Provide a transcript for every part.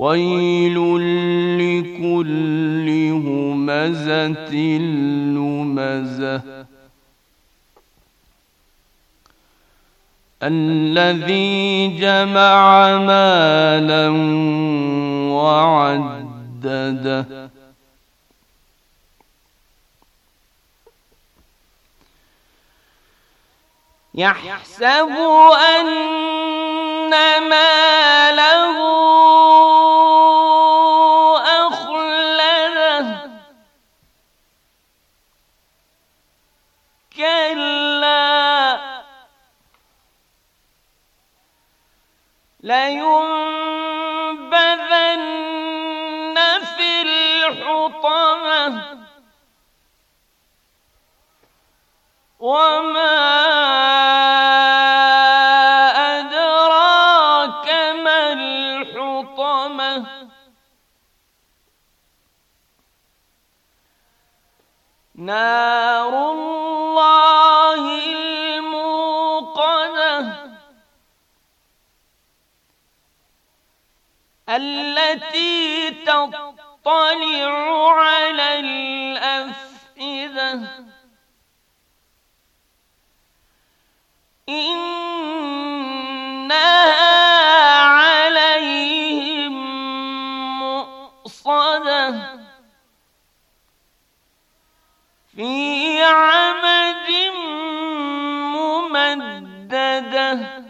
ويل لكل همزه لمزه الذي جمع مالا وعدده يحسب أن ماله لينبذن في الحطمة وما أدراك ما الحطمة نار تطلع على الأفئدة إنها عليهم مؤصدة في عمد ممدده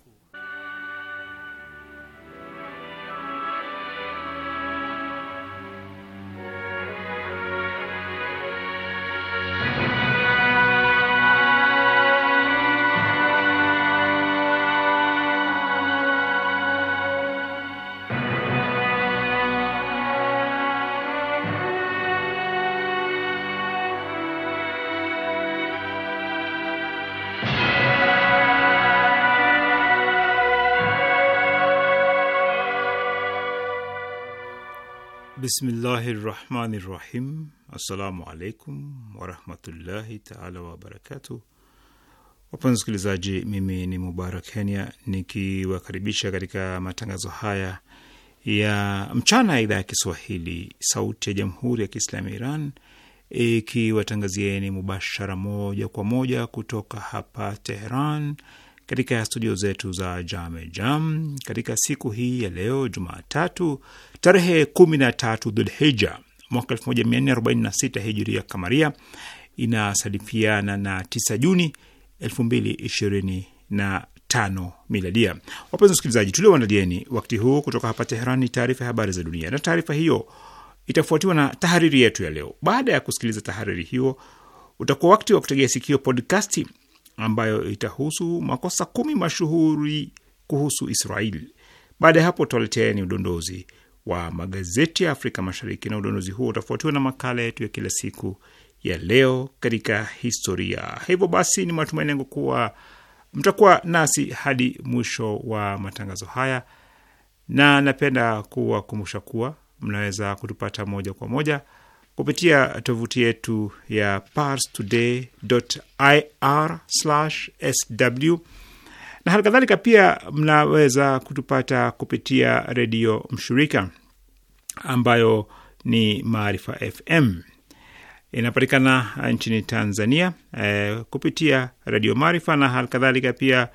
Bismillahi rahmani rahim. Assalamu alaikum warahmatullahi taala wabarakatu. Wapenzi wasikilizaji, mimi ni Mubarak Kenya nikiwakaribisha katika matangazo haya ya mchana ya idhaa ya Kiswahili sauti ya jamhuri ya Kiislamu ya Iran ikiwatangazieni mubashara moja kwa moja kutoka hapa Teheran katika studio zetu za Jame Jam katika siku hii ya leo Jumatatu tarehe 13 Dhulhija mwaka 1446 Hijiria Kamaria, inasadifiana na 9 Juni 2025 Miladia. Wapenzi wasikilizaji, tulioandalieni wakati huu kutoka hapa Teheran ni taarifa ya habari za dunia, na taarifa hiyo itafuatiwa na tahariri yetu ya leo. Baada ya kusikiliza tahariri hiyo, utakuwa wakati wa kutegea sikio podkasti ambayo itahusu makosa kumi mashuhuri kuhusu Israel. Baada ya hapo, tutawaleteeni udondozi wa magazeti ya Afrika Mashariki, na udondozi huo utafuatiwa na makala yetu ya kila siku ya leo katika historia. Hivyo basi, ni matumaini yangu kuwa mtakuwa nasi hadi mwisho wa matangazo haya, na napenda kuwakumbusha kuwa mnaweza kutupata moja kwa moja kupitia tovuti yetu ya parstoday.ir/sw na hali kadhalika pia mnaweza kutupata kupitia redio mshirika ambayo ni Maarifa FM, inapatikana nchini Tanzania eh, kupitia redio Maarifa na hali kadhalika pia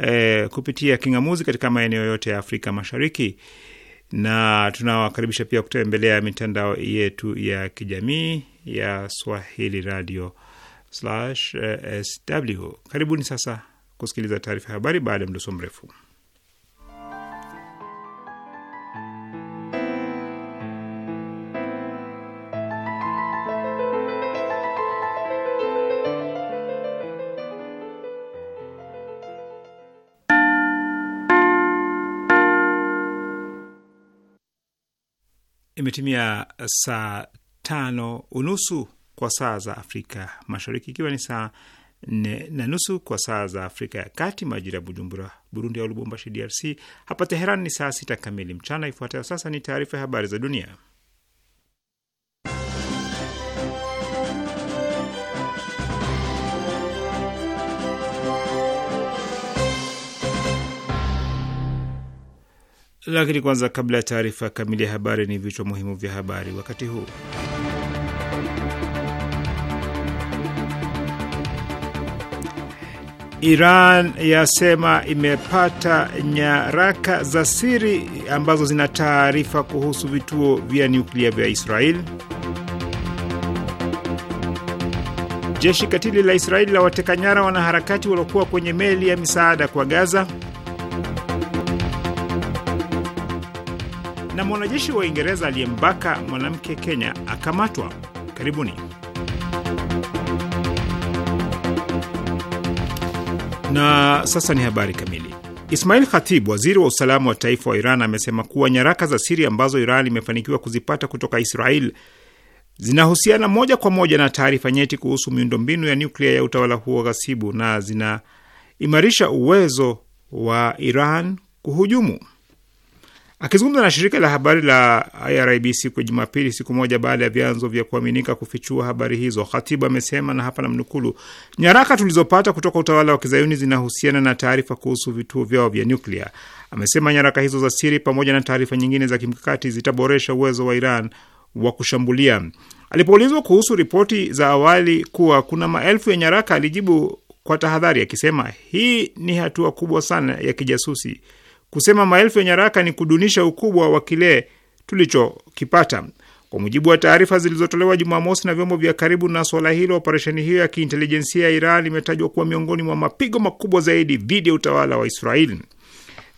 eh, kupitia kingamuzi katika maeneo yote ya Afrika Mashariki na tunawakaribisha pia kutembelea mitandao yetu ya kijamii ya Swahili Radio sw. Karibuni sasa kusikiliza taarifa ya habari baada ya mdoso mrefu. imetimia saa tano unusu kwa saa za Afrika Mashariki, ikiwa ni saa nne na nusu kwa saa za Afrika ya Kati, majira ya Bujumbura, Burundi, au Lubumbashi, DRC. Hapa Teheran ni saa sita kamili mchana. Ifuatayo sasa ni taarifa ya habari za dunia. Lakini kwanza, kabla ya taarifa kamili ya habari, ni vichwa muhimu vya habari wakati huu. Iran yasema imepata nyaraka za siri ambazo zina taarifa kuhusu vituo vya nyuklia vya Israel. Jeshi katili la Israeli la wateka nyara wanaharakati waliokuwa kwenye meli ya misaada kwa Gaza. na mwanajeshi wa Uingereza aliyembaka mwanamke Kenya akamatwa. Karibuni. Na sasa ni habari kamili. Ismail Khatib, waziri wa usalama wa taifa wa Iran, amesema kuwa nyaraka za siri ambazo Iran imefanikiwa kuzipata kutoka Israel zinahusiana moja kwa moja na taarifa nyeti kuhusu miundombinu ya nyuklia ya utawala huo ghasibu na zinaimarisha uwezo wa Iran kuhujumu. Akizungumza na shirika la habari la IRIB siku ya Jumapili, siku moja baada ya vyanzo vya kuaminika kufichua habari hizo, Khatibu amesema na hapa namnukulu, nyaraka tulizopata kutoka utawala wa kizayuni zinahusiana na taarifa kuhusu vituo vyao vya nyuklia. Amesema nyaraka hizo za siri pamoja na taarifa nyingine za kimkakati zitaboresha uwezo wa Iran wa kushambulia. Alipoulizwa kuhusu ripoti za awali kuwa kuna maelfu ya nyaraka, alijibu kwa tahadhari akisema, hii ni hatua kubwa sana ya kijasusi Kusema maelfu ya nyaraka ni kudunisha ukubwa wa kile tulichokipata. Kwa mujibu wa taarifa zilizotolewa Jumamosi na vyombo vya karibu na swala hilo, operesheni hiyo ya kiintelijensia ya Iran imetajwa kuwa miongoni mwa mapigo makubwa zaidi dhidi ya utawala wa Israeli.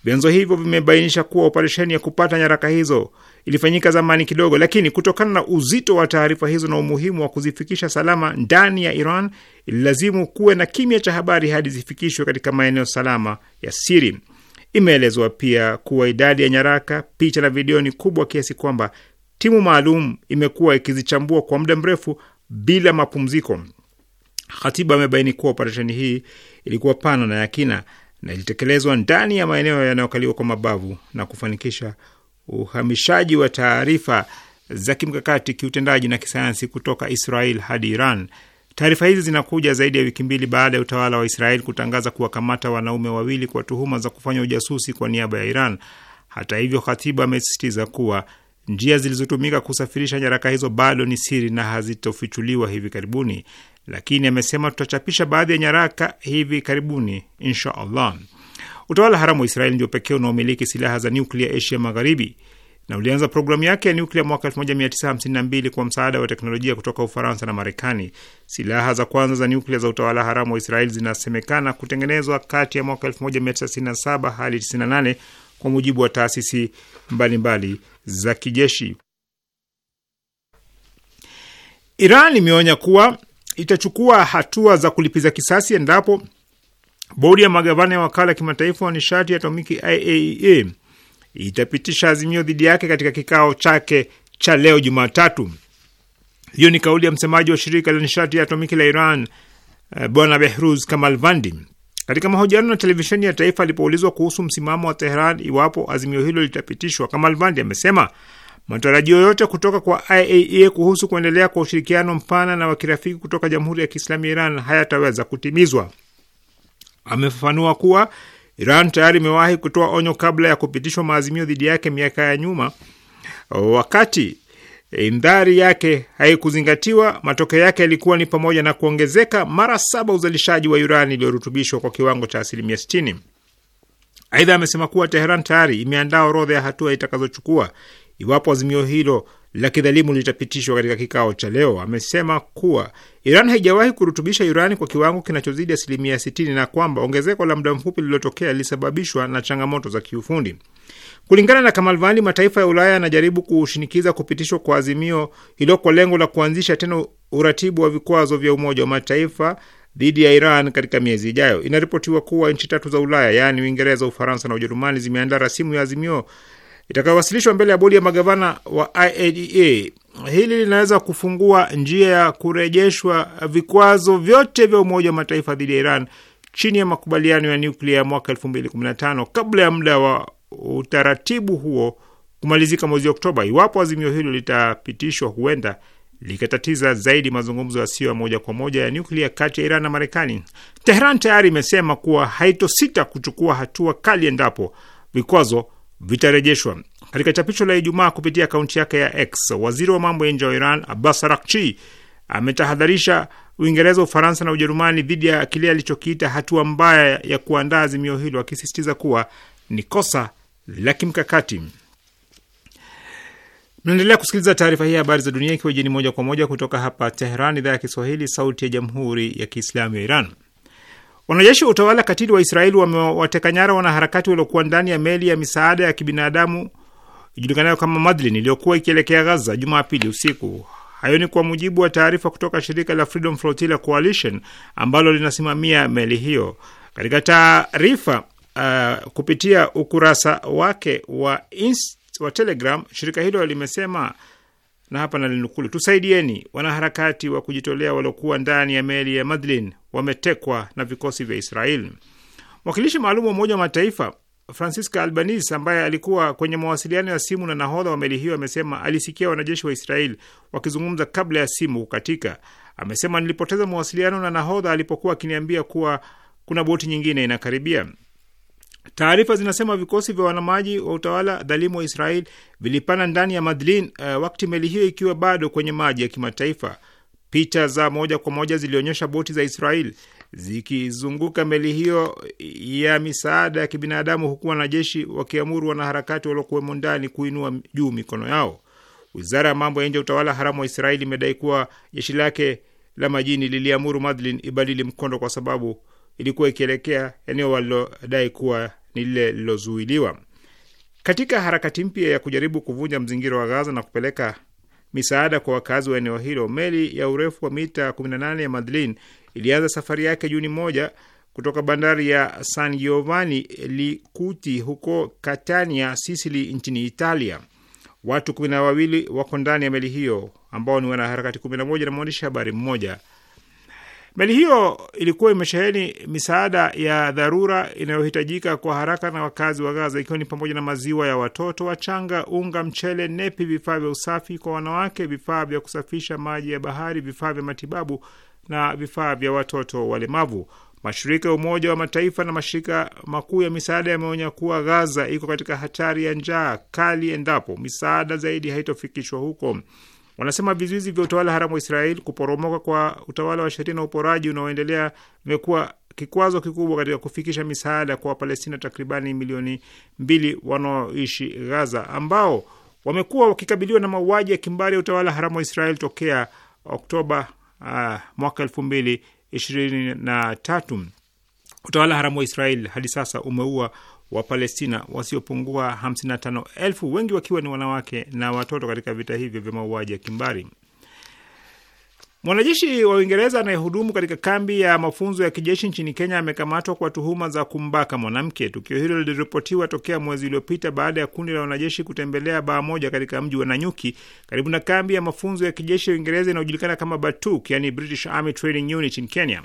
Vyanzo hivyo vimebainisha kuwa operesheni ya kupata nyaraka hizo ilifanyika zamani kidogo, lakini kutokana na uzito wa taarifa hizo na umuhimu wa kuzifikisha salama ndani ya Iran, ililazimu kuwe na kimya cha habari hadi zifikishwe katika maeneo salama ya siri. Imeelezwa pia kuwa idadi ya nyaraka, picha na video ni kubwa kiasi kwamba timu maalum imekuwa ikizichambua kwa muda mrefu bila mapumziko. Khatiba amebaini kuwa operesheni hii ilikuwa pana na ya kina na ilitekelezwa ndani ya maeneo yanayokaliwa kwa mabavu na kufanikisha uhamishaji wa taarifa za kimkakati, kiutendaji na kisayansi kutoka Israel hadi Iran Taarifa hizi zinakuja zaidi ya wiki mbili baada ya utawala wa Israel kutangaza kuwakamata wanaume wawili kwa tuhuma za kufanya ujasusi kwa niaba ya Iran. Hata hivyo, Khatibu amesisitiza kuwa njia zilizotumika kusafirisha nyaraka hizo bado ni siri na hazitofichuliwa hivi karibuni, lakini amesema tutachapisha baadhi ya nyaraka hivi karibuni, insha Allah. Utawala haramu wa Israel ndio pekee unaomiliki silaha za nuklia Asia Magharibi na ulianza programu yake ya nyuklia mwaka 1952 kwa msaada wa teknolojia kutoka Ufaransa na Marekani. Silaha za kwanza za nyuklia za utawala haramu wa Israeli zinasemekana kutengenezwa kati ya mwaka 1967 hadi 98 kwa mujibu wa taasisi mbalimbali za kijeshi. Iran imeonya kuwa itachukua hatua za kulipiza kisasi endapo bodi ya magavana ya wakala kimataifa wa nishati ya atomiki IAEA e, itapitisha azimio dhidi yake katika kikao chake cha leo Jumatatu. Hiyo ni kauli ya msemaji wa shirika la nishati ya atomiki la Iran eh, Bwana Behruz Kamalvandi katika mahojiano na televisheni ya taifa alipoulizwa kuhusu msimamo wa Teheran iwapo azimio hilo litapitishwa, Kamalvandi amesema matarajio yote kutoka kwa IAEA e kuhusu kuendelea kwa ushirikiano mpana na wa kirafiki kutoka Jamhuri ya Kiislamu ya Iran hayataweza kutimizwa. Amefafanua kuwa Iran tayari imewahi kutoa onyo kabla ya kupitishwa maazimio dhidi yake miaka ya nyuma. Wakati indhari yake haikuzingatiwa, matokeo yake yalikuwa ni pamoja na kuongezeka mara saba uzalishaji wa urani iliyorutubishwa kwa kiwango cha asilimia 60. Aidha, amesema kuwa Teheran tayari imeandaa orodha ya hatua itakazochukua iwapo azimio hilo la kidhalimu litapitishwa katika kikao cha leo. Amesema kuwa Iran haijawahi kurutubisha urani kwa kiwango kinachozidi asilimia 60 na kwamba ongezeko la muda mfupi lililotokea lilisababishwa na changamoto za kiufundi. Kulingana na Kamalvandi, mataifa ya Ulaya yanajaribu kushinikiza kupitishwa kwa azimio hilo kwa lengo la kuanzisha tena uratibu wa vikwazo vya Umoja wa Mataifa dhidi ya Iran katika miezi ijayo. Inaripotiwa kuwa nchi tatu za Ulaya yaani Uingereza, Ufaransa na Ujerumani zimeandaa rasimu ya azimio itakayowasilishwa mbele ya bodi ya magavana wa IAEA. Hili linaweza kufungua njia ya kurejeshwa vikwazo vyote vya Umoja wa Mataifa dhidi ya Iran chini ya makubaliano ya nyuklia ya mwaka 2015 kabla ya muda wa utaratibu huo kumalizika mwezi Oktoba. Iwapo azimio hilo litapitishwa, huenda likatatiza zaidi mazungumzo yasiyo ya moja kwa moja ya nyuklia kati ya Iran na Marekani. teheran tayari imesema kuwa haitosita kuchukua hatua kali endapo vikwazo vitarejeshwa. Katika chapisho la Ijumaa kupitia akaunti yake ya X, waziri wa mambo ya nje wa Iran Abbas Araghchi ametahadharisha Uingereza, Ufaransa na Ujerumani dhidi ya kile alichokiita hatua mbaya ya kuandaa azimio hilo, akisisitiza kuwa ni kosa la kimkakati. Mnaendelea kusikiliza taarifa hii ya habari za dunia, ikiwa jeni moja kwa moja kutoka hapa Teheran, idhaa ya Kiswahili, sauti ya jamhuri ya kiislamu ya Iran. Wanajeshi wa utawala katili wa Israeli wamewateka nyara wanaharakati waliokuwa ndani ya meli ya misaada ya kibinadamu ijulikanayo kama Madlin iliyokuwa ikielekea Gaza Jumapili usiku. Hayo ni kwa mujibu wa taarifa kutoka shirika la Freedom Flotilla Coalition ambalo linasimamia meli hiyo. Katika taarifa uh, kupitia ukurasa wake wa, inst, wa Telegram, shirika hilo limesema na hapa nalinukulu: tusaidieni, wanaharakati wa kujitolea waliokuwa ndani ya meli ya Madlin wametekwa na vikosi vya Israeli. Mwakilishi maalum wa Umoja wa Mataifa Francisca Albanese ambaye alikuwa kwenye mawasiliano ya simu na nahodha wa meli hiyo amesema alisikia wanajeshi wa Israeli wakizungumza kabla ya simu kukatika. Amesema nilipoteza mawasiliano na nahodha alipokuwa akiniambia kuwa kuna boti nyingine inakaribia. Taarifa zinasema vikosi vya wanamaji wa utawala dhalimu wa Israel vilipanda ndani ya Madlin uh, wakati meli hiyo ikiwa bado kwenye maji ya kimataifa. Picha za moja kwa moja zilionyesha boti za Israel zikizunguka meli hiyo ya misaada ya kibinadamu, huku wanajeshi wakiamuru wanaharakati waliokuwemo ndani kuinua juu mikono yao. Wizara ya mambo ya nje ya utawala haramu wa Israeli imedai kuwa jeshi lake la majini liliamuru Madlin ibadili mkondo kwa sababu ilikuwa ikielekea eneo walilodai kuwa ni lile lilozuiliwa Katika harakati mpya ya kujaribu kuvunja mzingiro wa Gaza na kupeleka misaada kwa wakazi wa eneo hilo, meli ya urefu wa mita 18 ya Madlin ilianza safari yake Juni moja kutoka bandari ya San Giovanni Likuti huko Catania, Sisili, nchini Italia. Watu kumi na wawili wako ndani ya meli hiyo ambao ni wanaharakati 11 na mwandishi habari mmoja. Meli hiyo ilikuwa imesheheni misaada ya dharura inayohitajika kwa haraka na wakazi wa Gaza, ikiwa ni pamoja na maziwa ya watoto wachanga, unga, mchele, nepi, vifaa vya usafi kwa wanawake, vifaa vya kusafisha maji ya bahari, vifaa vya matibabu na vifaa vya watoto walemavu. Mashirika ya Umoja wa Mataifa na mashirika makuu ya misaada yameonya kuwa Gaza iko katika hatari ya njaa kali endapo misaada zaidi haitofikishwa huko. Wanasema vizuizi vya utawala haramu wa Israeli, kuporomoka kwa utawala wa sheria na uporaji unaoendelea vimekuwa kikwazo kikubwa katika kufikisha misaada kwa Wapalestina takribani milioni mbili wanaoishi Gaza, ambao wamekuwa wakikabiliwa na mauaji ya kimbari ya utawala haramu wa Israeli tokea Oktoba uh, mwaka elfu mbili ishirini na tatu. Utawala haramu wa Israeli hadi sasa umeua Wapalestina wasiopungua 55,000 wengi wakiwa ni wanawake na watoto katika vita hivyo vya mauaji ya kimbari. Mwanajeshi wa Uingereza anayehudumu katika kambi ya mafunzo ya kijeshi nchini Kenya amekamatwa kwa tuhuma za kumbaka mwanamke. Tukio hilo liliripotiwa tokea mwezi uliopita baada ya kundi la wanajeshi kutembelea baa moja katika mji wa Nanyuki karibu na kambi ya mafunzo ya kijeshi ya Uingereza inayojulikana kama BATUK, yani British Army Training Unit in Kenya.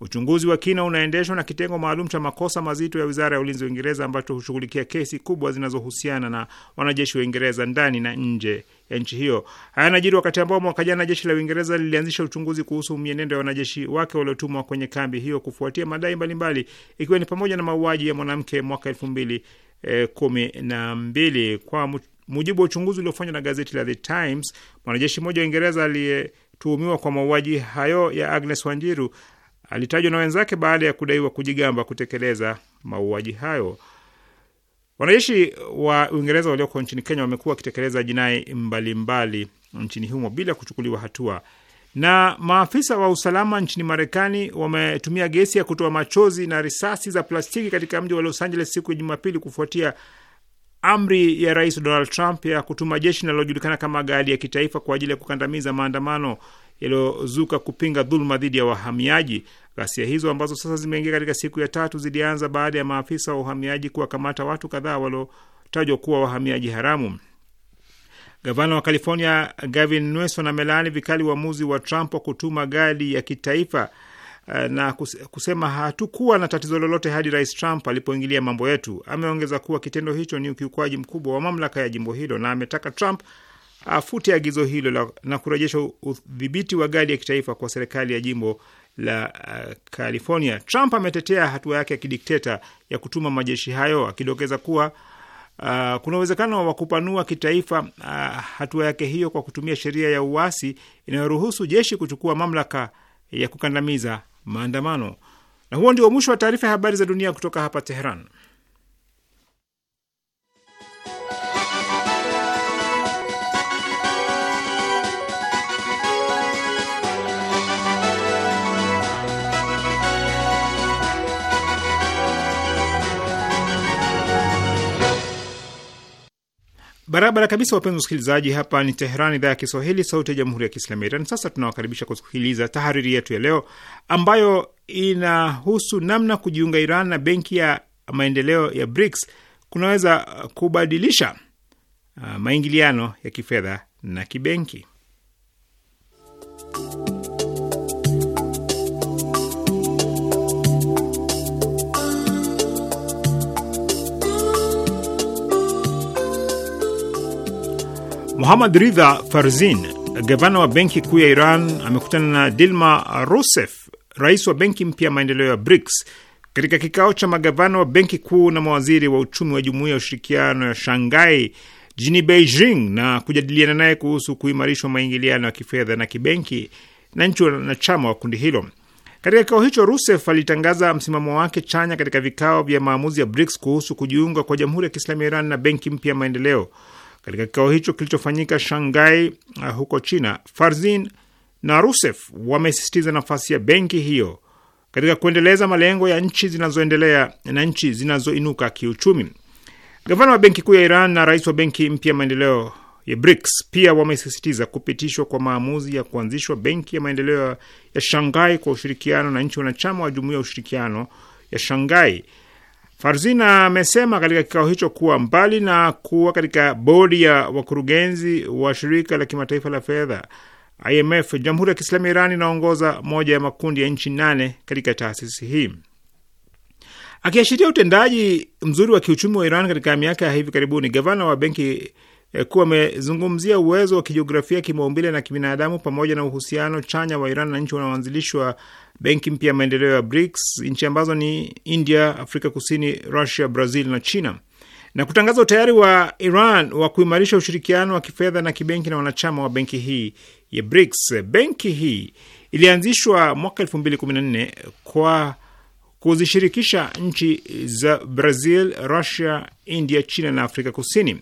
Uchunguzi wa kina unaendeshwa na kitengo maalum cha makosa mazito ya wizara ya ulinzi wa Uingereza ambacho hushughulikia kesi kubwa zinazohusiana na wanajeshi wa Uingereza ndani na nje ya nchi hiyo. Haya yanajiri wakati ambao mwaka jana jeshi la Uingereza lilianzisha uchunguzi kuhusu mienendo ya wanajeshi wake waliotumwa kwenye kambi hiyo kufuatia madai mbalimbali, ikiwa ni pamoja na mauaji ya mwanamke mwaka elfu mbili eh, kumi na mbili. Kwa mujibu wa uchunguzi uliofanywa na gazeti la The Times, mwanajeshi mmoja wa Uingereza aliyetuhumiwa kwa mauaji hayo ya Agnes Wanjiru alitajwa na wenzake baada ya kudaiwa kujigamba kutekeleza mauaji hayo wanajeshi wa Uingereza walioko nchini Kenya wamekuwa wakitekeleza jinai mbalimbali nchini humo bila kuchukuliwa hatua, na maafisa wa usalama nchini Marekani wametumia gesi ya kutoa machozi na risasi za plastiki katika mji wa Los Angeles siku ya Jumapili kufuatia amri ya Rais Donald Trump ya kutuma jeshi linalojulikana kama Gadi ya Kitaifa kwa ajili ya kukandamiza maandamano yaliyozuka kupinga dhuluma dhidi ya wahamiaji. Ghasia hizo ambazo sasa zimeingia katika siku ya tatu zilianza baada ya maafisa wa uhamiaji kuwakamata watu kadhaa waliotajwa kuwa wahamiaji haramu. Gavana wa California Gavin Newsom amelaani vikali uamuzi wa Trump wa kutuma gari ya kitaifa eh, na kusema hatukuwa na tatizo lolote hadi Rais Trump alipoingilia mambo yetu. Ameongeza kuwa kitendo hicho ni ukiukwaji mkubwa wa mamlaka ya jimbo hilo na ametaka Trump afute agizo hilo na kurejesha udhibiti wa gari ya kitaifa kwa serikali ya jimbo la uh, California. Trump ametetea hatua yake ya kidikteta ya kutuma majeshi hayo akidokeza kuwa Uh, kuna uwezekano wa kupanua kitaifa uh, hatua yake hiyo kwa kutumia sheria ya uasi inayoruhusu jeshi kuchukua mamlaka ya kukandamiza maandamano. Na huo ndio mwisho wa taarifa ya habari za dunia kutoka hapa Tehran. Barabara kabisa, wapenzi wasikilizaji, hapa ni Teheran, idhaa ya Kiswahili, sauti ya jamhuri ya kiislamu ya Iran. Sasa tunawakaribisha kusikiliza tahariri yetu ya leo ambayo inahusu namna kujiunga Iran na benki ya maendeleo ya BRICS kunaweza kubadilisha ah, maingiliano ya kifedha na kibenki. Muhamad Ridha Farzin, gavana wa benki kuu ya Iran, amekutana na Dilma Rousseff, rais wa benki mpya ya maendeleo ya BRICS katika kikao cha magavana wa benki kuu na mawaziri wa uchumi wa jumuiya ya ushirikiano ya Shanghai jini Beijing na kujadiliana naye kuhusu kuimarishwa maingiliano ya kifedha na kibenki na nchi wanachama wa kundi hilo. Katika kikao hicho, Rusef alitangaza msimamo wake chanya katika vikao vya maamuzi ya BRICS kuhusu kujiunga kwa Jamhuri ya Kiislamu ya Iran na benki mpya ya maendeleo. Katika kikao hicho kilichofanyika Shanghai uh, huko China, Farzin na Rusef wamesisitiza nafasi ya benki hiyo katika kuendeleza malengo ya nchi zinazoendelea na nchi zinazoinuka kiuchumi. Gavana wa Benki Kuu ya Iran na rais wa benki mpya maendeleo ya BRICS pia wamesisitiza kupitishwa kwa maamuzi ya kuanzishwa benki ya maendeleo ya Shanghai kwa ushirikiano na nchi wanachama wa jumuiya ya ushirikiano ya Shanghai. Farzina amesema katika kikao hicho kuwa mbali na kuwa katika bodi ya wakurugenzi wa shirika la kimataifa la fedha IMF, Jamhuri ya Kiislamu ya Iran inaongoza moja ya makundi ya nchi nane katika taasisi hii. Akiashiria utendaji mzuri wa kiuchumi wa Iran katika miaka ya hivi karibuni, gavana wa benki E, kuwa amezungumzia uwezo wa kijiografia, kimaumbile na kibinadamu pamoja na uhusiano chanya wa Iran na nchi wanaoanzilishwa benki mpya ya maendeleo ya BRICS, nchi ambazo ni India, Afrika Kusini, Russia, Brazil na China, na kutangaza utayari wa Iran wa kuimarisha ushirikiano wa kifedha na kibenki na wanachama wa benki hii ya BRICS. Benki hii ilianzishwa mwaka 2014 kwa kuzishirikisha nchi za Brazil, Russia, India, China na Afrika Kusini.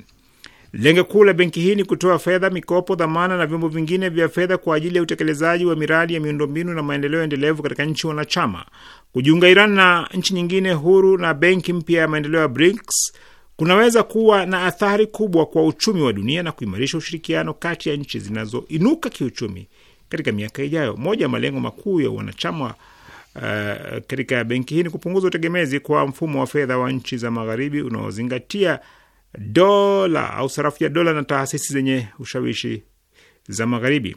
Lengo kuu la benki hii ni kutoa fedha, mikopo, dhamana na vyombo vingine vya fedha kwa ajili ya utekelezaji wa miradi ya miundombinu na maendeleo endelevu katika nchi wanachama. Kujiunga Iran na nchi nyingine huru na benki mpya ya maendeleo ya BRICS kunaweza kuwa na athari kubwa kwa uchumi wa dunia na kuimarisha ushirikiano kati ya nchi zinazoinuka kiuchumi katika miaka ijayo. Moja ya malengo makuu ya wanachama Uh, katika benki hii ni kupunguza utegemezi kwa mfumo wa fedha wa nchi za magharibi unaozingatia dola au sarafu ya dola na taasisi zenye ushawishi za Magharibi.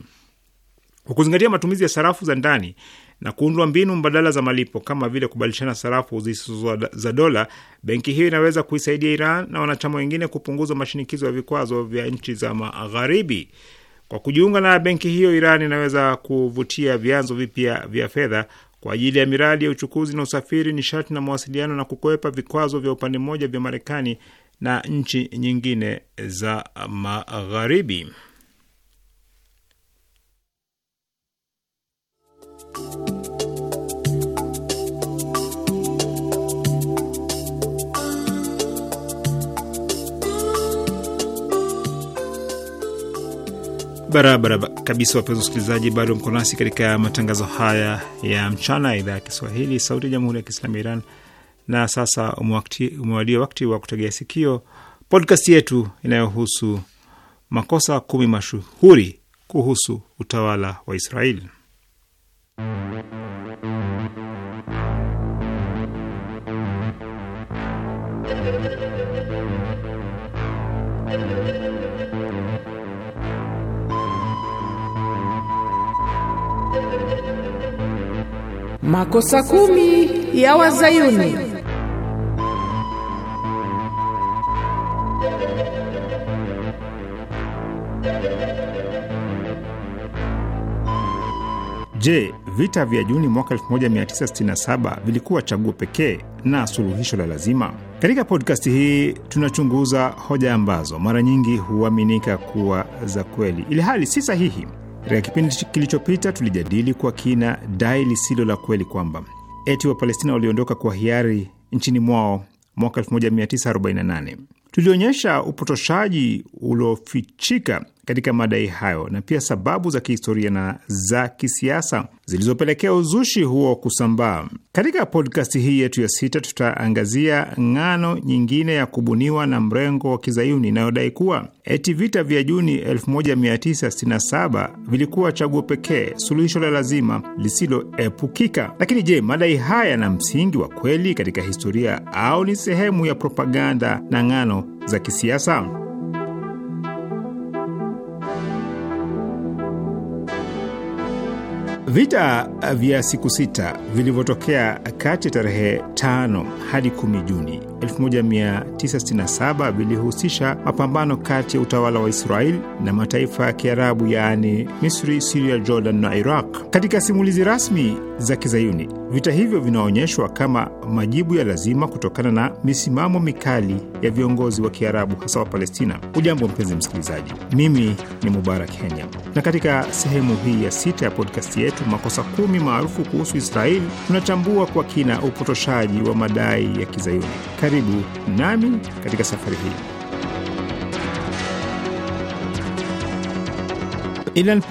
Kwa kuzingatia matumizi ya sarafu za ndani na kuundwa mbinu mbadala za malipo kama vile kubadilishana sarafu zisizo za dola, benki hiyo inaweza kuisaidia Iran na wanachama wengine kupunguza mashinikizo ya vikwazo vya nchi za Magharibi. Kwa kujiunga na benki hiyo, Iran inaweza kuvutia vyanzo vipya vya fedha kwa ajili ya miradi ya uchukuzi na usafiri, nishati na mawasiliano, na kukwepa vikwazo vya upande mmoja vya Marekani na nchi nyingine za Magharibi. Barabara kabisa, wapenzi wasikilizaji, bado mko nasi katika matangazo haya ya mchana ya idhaa ya Kiswahili, Sauti ya Jamhuri ya Kiislamu ya Iran na sasa umewadia wakati wa kutegea sikio podcast yetu inayohusu makosa kumi mashuhuri kuhusu utawala wa Israeli. Makosa kumi ya Wazayuni. Je, vita vya Juni mwaka 1967 vilikuwa chaguo pekee na suluhisho la lazima? Katika podkasti hii tunachunguza hoja ambazo mara nyingi huaminika kuwa za kweli, ili hali si sahihi. Katika kipindi kilichopita tulijadili kwa kina dai lisilo la kweli kwamba eti Wapalestina waliondoka kwa hiari nchini mwao mwaka 1948. Tulionyesha upotoshaji uliofichika katika madai hayo na pia sababu za kihistoria na za kisiasa zilizopelekea uzushi huo kusambaa. Katika podkasti hii yetu ya sita, tutaangazia ngano nyingine ya kubuniwa na mrengo wa kizayuni inayodai kuwa eti vita vya Juni 1967 vilikuwa chaguo pekee, suluhisho la lazima lisiloepukika. Lakini je, madai haya yana msingi wa kweli katika historia au ni sehemu ya propaganda na ngano za kisiasa? Vita vya siku sita vilivyotokea kati ya tarehe 5 hadi kumi Juni 1967 vilihusisha mapambano kati ya utawala wa Israel na mataifa ya Kiarabu yaani Misri, Siria, Jordan na Iraq. Katika simulizi rasmi za Kizayuni, vita hivyo vinaonyeshwa kama majibu ya lazima kutokana na misimamo mikali ya viongozi wa Kiarabu, hasa wa Palestina. Ujambo mpenzi msikilizaji, mimi ni Mubarak Kenya, na katika sehemu hii ya sita ya podkasti yetu makosa kumi maarufu kuhusu Israeli tunachambua kwa kina upotoshaji wa madai ya Kizayuni. Karibu nami katika safari hii. Ilan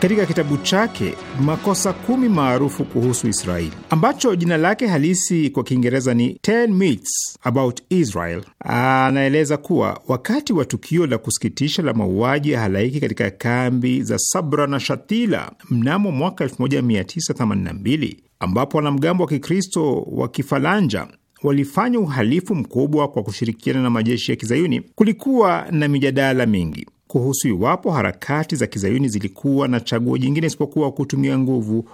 katika kitabu chake makosa kumi maarufu kuhusu Israeli ambacho jina lake halisi kwa Kiingereza ni 10 Myths About Israel anaeleza kuwa wakati wa tukio la kusikitisha la mauaji ya halaiki katika kambi za Sabra na Shatila mnamo mwaka 1982 ambapo wanamgambo wa Kikristo wa Kifalanja walifanya uhalifu mkubwa kwa kushirikiana na majeshi ya Kizayuni. Kulikuwa na mijadala mingi kuhusu iwapo harakati za Kizayuni zilikuwa na chaguo jingine isipokuwa kutumia nguvu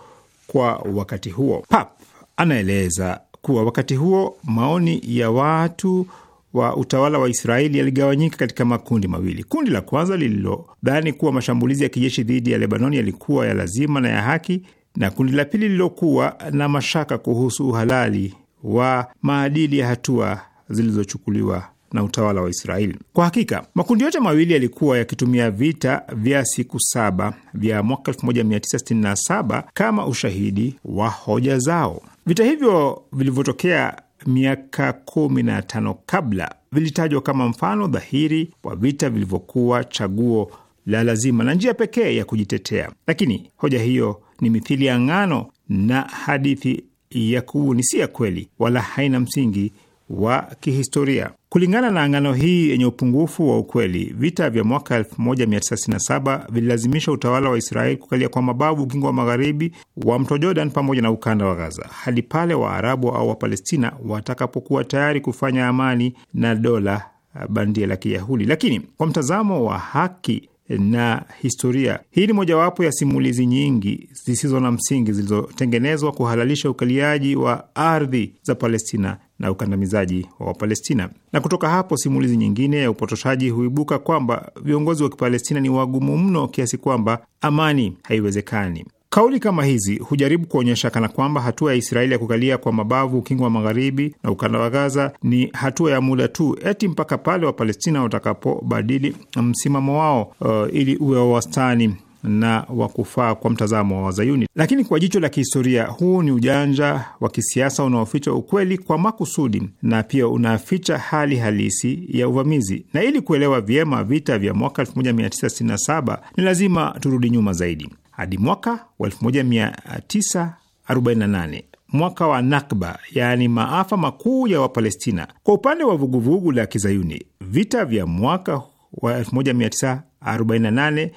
kwa wakati huo. Pap anaeleza kuwa wakati huo maoni ya watu wa utawala wa Israeli yaligawanyika katika makundi mawili. Kundi la kwanza lililodhani kuwa mashambulizi ya kijeshi dhidi ya Lebanoni yalikuwa ya lazima na ya haki, na kundi la pili lililokuwa na mashaka kuhusu uhalali wa maadili ya hatua zilizochukuliwa na utawala wa Israeli. Kwa hakika makundi yote mawili yalikuwa yakitumia vita vya siku saba vya mwaka 1967 kama ushahidi wa hoja zao. Vita hivyo vilivyotokea miaka kumi na tano kabla vilitajwa kama mfano dhahiri wa vita vilivyokuwa chaguo la lazima na njia pekee ya kujitetea, lakini hoja hiyo ni mithili ya ngano na hadithi ya kubuni si ya kweli wala haina msingi wa kihistoria. Kulingana na angano hii yenye upungufu wa ukweli, vita vya mwaka 1967 vililazimisha utawala wa Israeli kukalia kwa mabavu ukingo wa magharibi wa mto Jordan pamoja na ukanda wa Gaza hadi pale Waarabu au Wapalestina watakapokuwa tayari kufanya amani na dola bandia la Kiyahudi. Lakini kwa mtazamo wa haki na historia. Hii ni mojawapo ya simulizi nyingi zisizo na msingi zilizotengenezwa kuhalalisha ukaliaji wa ardhi za Palestina na ukandamizaji wa Wapalestina. Na kutoka hapo simulizi nyingine ya upotoshaji huibuka kwamba viongozi wa Kipalestina ni wagumu mno kiasi kwamba amani haiwezekani. Kauli kama hizi hujaribu kuonyesha kana kwamba hatua ya Israeli ya kukalia kwa mabavu ukingo wa magharibi na ukanda wa Gaza ni hatua ya muda tu, eti mpaka pale Wapalestina watakapobadili msimamo wao uh, ili uwe wa wastani na wa kufaa kwa mtazamo wa Wazayuni. Lakini kwa jicho la kihistoria, huu ni ujanja wa kisiasa unaoficha ukweli kwa makusudi na pia unaficha hali halisi ya uvamizi. Na ili kuelewa vyema vita vya mwaka 1967 ni lazima turudi nyuma zaidi hadi mwaka wa 1948 mwaka wa Nakba, yaani maafa makuu ya Wapalestina. Kwa upande wa vuguvugu la Kizayuni, vita vya mwaka wa 1948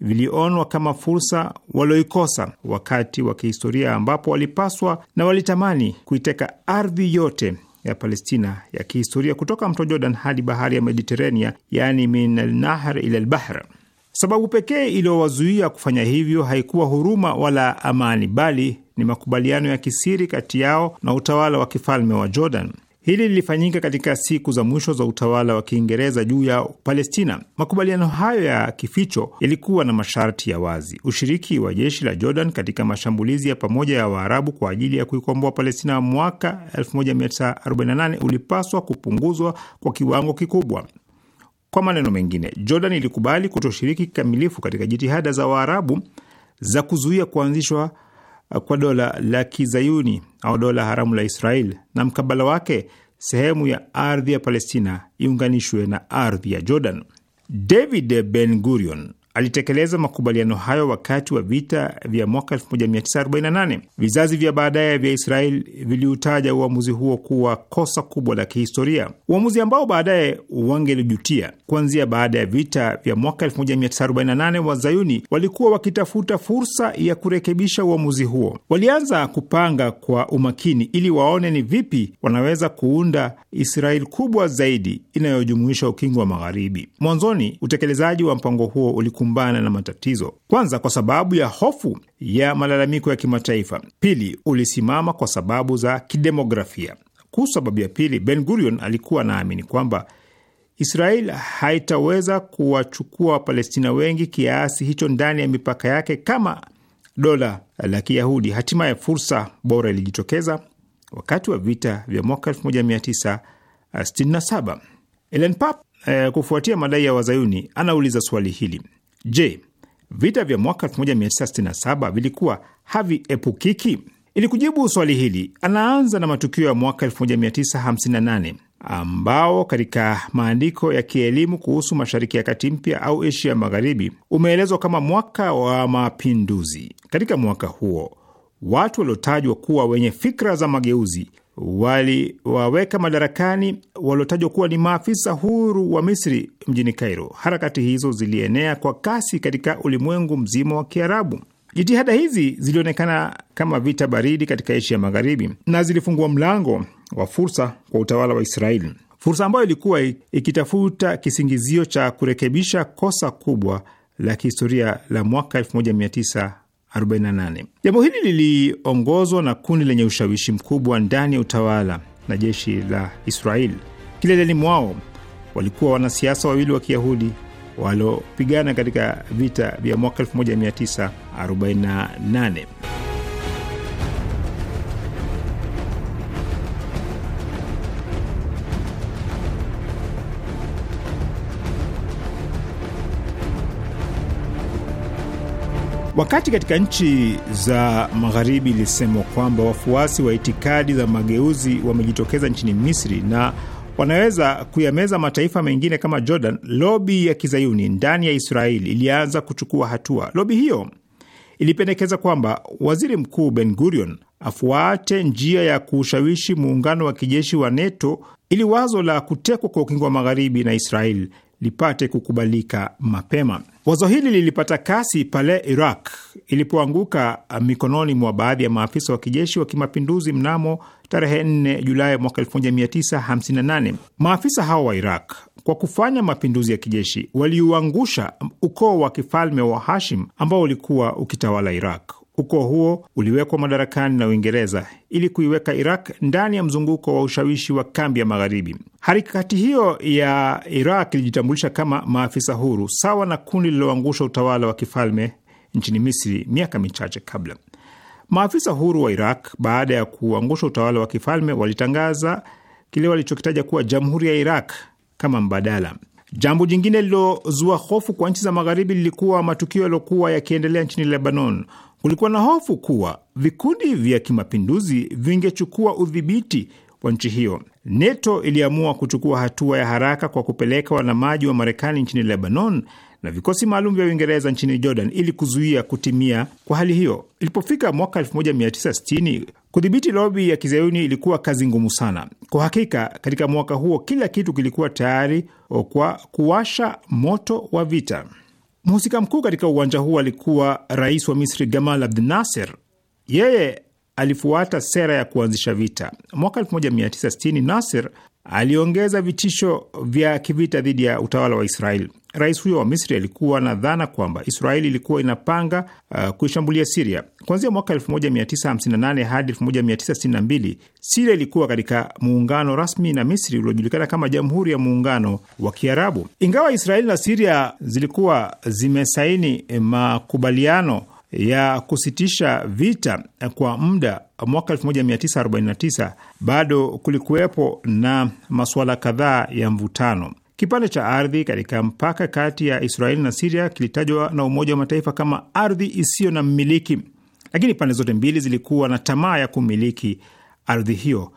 vilionwa kama fursa walioikosa wakati wa kihistoria ambapo walipaswa na walitamani kuiteka ardhi yote ya Palestina ya kihistoria kutoka mto Jordan hadi bahari ya Mediterania, yani min alnahr ila lbahr. Sababu pekee iliyowazuia kufanya hivyo haikuwa huruma wala amani, bali ni makubaliano ya kisiri kati yao na utawala wa kifalme wa Jordan. Hili lilifanyika katika siku za mwisho za utawala wa Kiingereza juu ya Palestina. Makubaliano hayo ya kificho yalikuwa na masharti ya wazi: ushiriki wa jeshi la Jordan katika mashambulizi ya pamoja ya Waarabu kwa ajili ya kuikomboa Palestina mwaka 1948 ulipaswa kupunguzwa kwa kiwango kikubwa. Kwa maneno mengine, Jordan ilikubali kutoshiriki kikamilifu katika jitihada za Waarabu za kuzuia kuanzishwa uh, kwa dola la kizayuni au dola haramu la Israel, na mkabala wake sehemu ya ardhi ya Palestina iunganishwe na ardhi ya Jordan. David Ben Gurion alitekeleza makubaliano hayo wakati wa vita vya mwaka 1948. Vizazi vya baadaye vya Israel viliutaja uamuzi huo kuwa kosa kubwa la kihistoria, uamuzi ambao baadaye wangelijutia. Kuanzia baada ya vita vya mwaka 1948, wazayuni walikuwa wakitafuta fursa ya kurekebisha uamuzi huo. Walianza kupanga kwa umakini ili waone ni vipi wanaweza kuunda Israel kubwa zaidi inayojumuisha ukingo wa Magharibi. Mwanzoni utekelezaji wa mpango huo ulikuwa kukumbana na matatizo. Kwanza, kwa sababu ya hofu ya malalamiko ya kimataifa; pili, ulisimama kwa sababu za kidemografia. Kuhusu sababu ya pili, Ben Gurion alikuwa anaamini kwamba Israel haitaweza kuwachukua Wapalestina wengi kiasi hicho ndani ya mipaka yake kama dola la Kiyahudi. Hatimaye fursa bora ilijitokeza wakati wa vita vya mwaka 1967. Ellen eh, kufuatia madai ya Wazayuni, anauliza swali hili: Je, vita vya mwaka 1967 vilikuwa haviepukiki? Ili kujibu swali hili, anaanza na matukio ya mwaka 1958 ambao katika maandiko ya kielimu kuhusu Mashariki ya Kati mpya au Asia Magharibi umeelezwa kama mwaka wa mapinduzi. Katika mwaka huo watu waliotajwa kuwa wenye fikra za mageuzi waliwaweka madarakani waliotajwa kuwa ni maafisa huru wa Misri mjini Kairo. Harakati hizo zilienea kwa kasi katika ulimwengu mzima wa Kiarabu. Jitihada hizi zilionekana kama vita baridi katika Asia ya Magharibi na zilifungua mlango wa fursa kwa utawala wa Israeli, fursa ambayo ilikuwa ikitafuta kisingizio cha kurekebisha kosa kubwa la kihistoria la mwaka 48. Jambo hili liliongozwa na kundi lenye ushawishi mkubwa ndani ya utawala na jeshi la israel Kileleni mwao walikuwa wanasiasa wawili wa Kiyahudi walopigana katika vita vya mwaka 1948. Wakati katika nchi za magharibi ilisemwa kwamba wafuasi wa itikadi za mageuzi wamejitokeza nchini Misri na wanaweza kuyameza mataifa mengine kama Jordan, lobi ya kizayuni ndani ya Israeli ilianza kuchukua hatua. Lobi hiyo ilipendekeza kwamba waziri mkuu Ben Gurion afuate njia ya kuushawishi muungano wa kijeshi wa NATO ili wazo la kutekwa kwa ukingo wa magharibi na Israeli lipate kukubalika mapema. Wazo hili lilipata kasi pale Iraq ilipoanguka mikononi mwa baadhi ya maafisa wa kijeshi wa kimapinduzi mnamo tarehe 4 Julai mwaka 1958. Maafisa hao wa Iraq kwa kufanya mapinduzi ya kijeshi waliuangusha ukoo wa kifalme wa Hashim ambao ulikuwa ukitawala Iraq. Ukoo huo uliwekwa madarakani na Uingereza ili kuiweka Iraq ndani ya mzunguko wa ushawishi wa kambi ya Magharibi. Harakati hiyo ya Iraq ilijitambulisha kama maafisa huru, sawa na kundi lililoangusha utawala wa kifalme nchini Misri miaka michache kabla. Maafisa huru wa Iraq, baada ya kuangusha utawala wa kifalme, walitangaza kile walichokitaja kuwa jamhuri ya Iraq kama mbadala. Jambo jingine lilozua hofu kwa nchi za Magharibi lilikuwa matukio yaliyokuwa yakiendelea nchini Lebanon. Kulikuwa na hofu kuwa vikundi vya kimapinduzi vingechukua udhibiti wa nchi hiyo. NATO iliamua kuchukua hatua ya haraka kwa kupeleka wanamaji wa Marekani nchini Lebanon na vikosi maalum vya Uingereza nchini Jordan ili kuzuia kutimia kwa hali hiyo. Ilipofika mwaka 1960 kudhibiti lobi ya kizayuni ilikuwa kazi ngumu sana. Kwa hakika, katika mwaka huo kila kitu kilikuwa tayari kwa kuwasha moto wa vita. Mhusika mkuu katika uwanja huu alikuwa rais wa Misri Gamal Abdel Nasser. Yeye alifuata sera ya kuanzisha vita. Mwaka 1960 Nasser aliongeza vitisho vya kivita dhidi ya utawala wa israeli Rais huyo wa Misri alikuwa na dhana kwamba Israeli ilikuwa inapanga uh, kuishambulia Siria. Kuanzia mwaka 1958 hadi 1962 Siria ilikuwa katika muungano rasmi na Misri uliojulikana kama Jamhuri ya Muungano wa Kiarabu. Ingawa Israeli na Siria zilikuwa zimesaini eh, makubaliano ya kusitisha vita kwa muda mwaka 1949 bado kulikuwepo na masuala kadhaa ya mvutano. Kipande cha ardhi katika mpaka kati ya Israeli na Siria kilitajwa na Umoja wa Mataifa kama ardhi isiyo na mmiliki, lakini pande zote mbili zilikuwa na tamaa ya kumiliki ardhi hiyo.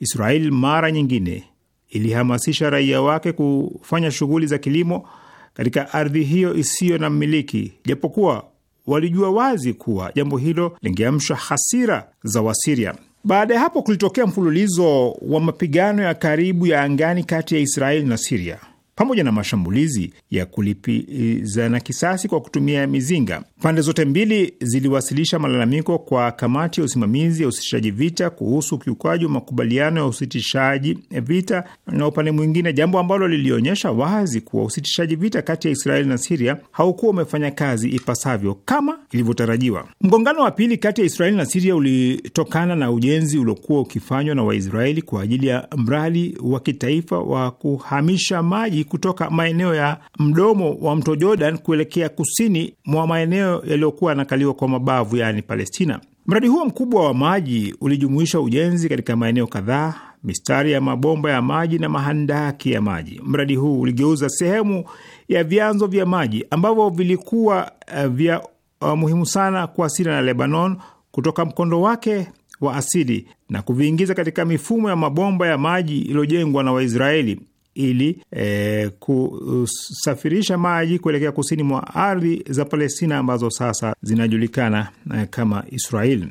Israeli mara nyingine ilihamasisha raia wake kufanya shughuli za kilimo katika ardhi hiyo isiyo na mmiliki, japokuwa walijua wazi kuwa jambo hilo lingeamsha hasira za Wasiria. Baada ya hapo kulitokea mfululizo wa mapigano ya karibu ya angani kati ya Israeli na Siria pamoja na mashambulizi ya kulipizana kisasi kwa kutumia mizinga. Pande zote mbili ziliwasilisha malalamiko kwa kamati ya usimamizi ya usitishaji vita kuhusu ukiukaji wa makubaliano ya usitishaji vita na upande mwingine, jambo ambalo lilionyesha wazi kuwa usitishaji vita kati ya Israeli na Siria haukuwa umefanya kazi ipasavyo kama ilivyotarajiwa. Mgongano wa pili kati ya Israeli na Siria ulitokana na ujenzi uliokuwa ukifanywa na Waisraeli kwa ajili ya mradi wa kitaifa wa kuhamisha maji kutoka maeneo ya mdomo wa mto Jordan kuelekea kusini mwa maeneo yaliyokuwa yanakaliwa kwa mabavu, yaani Palestina. Mradi huo mkubwa wa maji ulijumuisha ujenzi katika maeneo kadhaa, mistari ya mabomba ya maji na mahandaki ya maji. Mradi huu uligeuza sehemu ya vyanzo vya maji ambavyo vilikuwa eh, vya uh, muhimu sana kwa Siria na Lebanon kutoka mkondo wake wa asili na kuviingiza katika mifumo ya mabomba ya maji iliyojengwa na Waisraeli ili e, kusafirisha maji kuelekea kusini mwa ardhi za Palestina ambazo sasa zinajulikana e, kama Israel.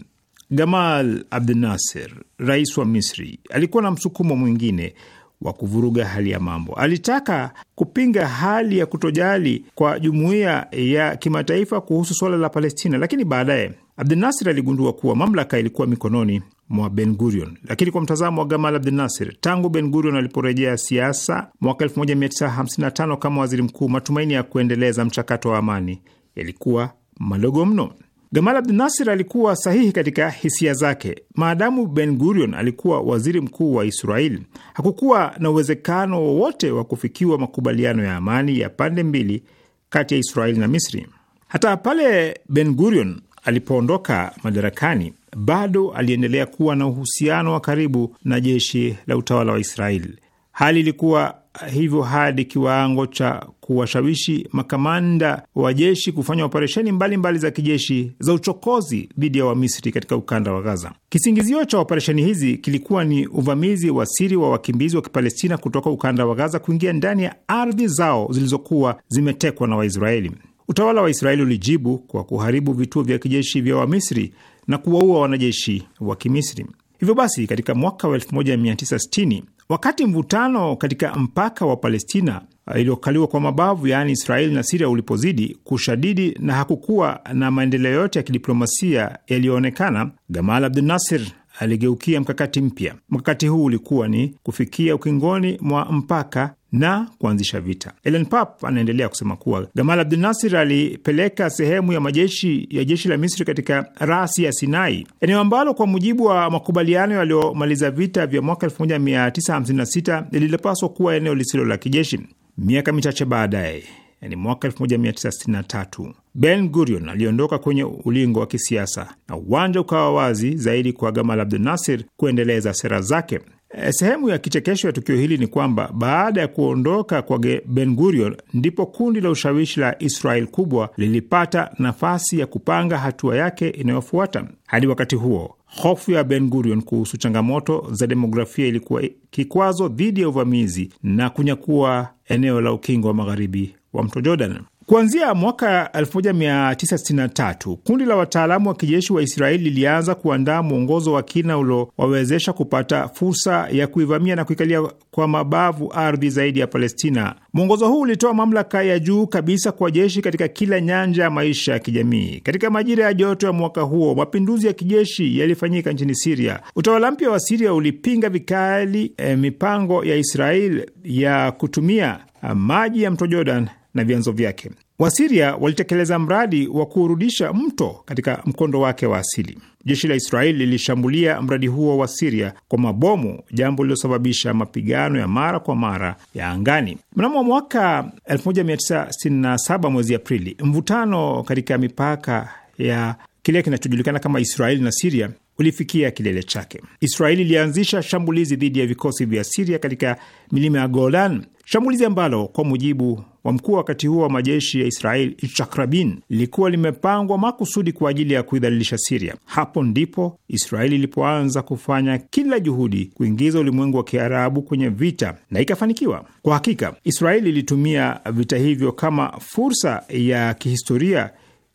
Gamal Abdel Nasser, rais wa Misri, alikuwa na msukumo mwingine wa kuvuruga hali ya mambo. Alitaka kupinga hali ya kutojali kwa jumuiya ya kimataifa kuhusu suala la Palestina, lakini baadaye Abdunasir aligundua kuwa mamlaka ilikuwa mikononi mwa Ben Gurion. Lakini kwa mtazamo wa Gamal Nasir, tangu Ben Gurion aliporejea siasa mwaka 1955 kama waziri mkuu, matumaini ya kuendeleza mchakato wa amani yalikuwa madogo mno. Gamal Abdel Nasir alikuwa sahihi katika hisia zake. Maadamu Ben Gurion alikuwa waziri mkuu wa israel hakukuwa na uwezekano wowote wa kufikiwa makubaliano ya amani ya pande mbili kati ya Israeli na Misri. Hata pale Ben Gurion alipoondoka madarakani, bado aliendelea kuwa na uhusiano wa karibu na jeshi la utawala wa Israeli. Hali ilikuwa hivyo hadi kiwango cha kuwashawishi makamanda wa jeshi kufanya operesheni mbalimbali za kijeshi za uchokozi dhidi ya Wamisri katika ukanda wa Gaza. Kisingizio cha operesheni hizi kilikuwa ni uvamizi wa siri wa wakimbizi wa Kipalestina kutoka ukanda wa Gaza kuingia ndani ya ardhi zao zilizokuwa zimetekwa na Waisraeli. Utawala wa Israeli ulijibu kwa kuharibu vituo vya kijeshi vya Wamisri na kuwaua wanajeshi wa Kimisri. Hivyo basi, katika mwaka wa 1960 Wakati mvutano katika mpaka wa Palestina uh, iliyokaliwa kwa mabavu yaani Israeli na Siria ulipozidi kushadidi na hakukuwa na maendeleo yote ya kidiplomasia yaliyoonekana, Gamal Abdel Nasser aligeukia mkakati mpya. Mkakati huu ulikuwa ni kufikia ukingoni mwa mpaka na kuanzisha vita. Ellen Pap anaendelea kusema kuwa Gamal Abdul Nasir alipeleka sehemu ya majeshi ya jeshi la Misri katika rasi ya Sinai, eneo ambalo kwa mujibu wa makubaliano yaliyomaliza vita vya mwaka 1956 lililopaswa kuwa eneo lisilo la kijeshi. Miaka michache baadaye, yani mwaka 1963, Ben Gurion aliondoka kwenye ulingo wa kisiasa na uwanja ukawa wazi zaidi kwa Gamal Abdul Nasir kuendeleza sera zake. Eh, sehemu ya kichekesho ya tukio hili ni kwamba baada ya kuondoka kwa Ben Gurion ndipo kundi la ushawishi la Israel kubwa lilipata nafasi ya kupanga hatua yake inayofuata. Hadi wakati huo, hofu ya Ben Gurion kuhusu changamoto za demografia ilikuwa kikwazo dhidi ya uvamizi na kunyakua eneo la ukingo wa magharibi wa mto Jordan. Kuanzia mwaka 1963 kundi la wataalamu wa kijeshi wa Israeli lilianza kuandaa mwongozo wa kina uliowawezesha kupata fursa ya kuivamia na kuikalia kwa mabavu ardhi zaidi ya Palestina. Mwongozo huu ulitoa mamlaka ya juu kabisa kwa jeshi katika kila nyanja ya maisha ya kijamii. Katika majira ya joto ya mwaka huo, mapinduzi ya kijeshi yalifanyika nchini Siria. Utawala mpya wa Siria ulipinga vikali eh, mipango ya Israeli ya kutumia ah, maji ya mto Jordan na vyanzo vyake. Wasiria walitekeleza mradi wa kurudisha mto katika mkondo wake wa asili. Jeshi la Israeli lilishambulia mradi huo wa Siria kwa mabomu, jambo lililosababisha mapigano ya mara kwa mara ya angani. Mnamo mwaka 1967 mwezi Aprili, mvutano katika mipaka ya kile kinachojulikana kama Israeli na Siria ulifikia kilele chake. Israeli ilianzisha shambulizi dhidi ya vikosi vya Siria katika milima ya Golan Shambulizi ambalo kwa mujibu wa mkuu wa wakati huo wa majeshi ya Israel Itzhak Rabin lilikuwa limepangwa makusudi kwa ajili ya kuidhalilisha Siria. Hapo ndipo Israeli ilipoanza kufanya kila juhudi kuingiza ulimwengu wa Kiarabu kwenye vita na ikafanikiwa. Kwa hakika, Israeli ilitumia vita hivyo kama fursa ya kihistoria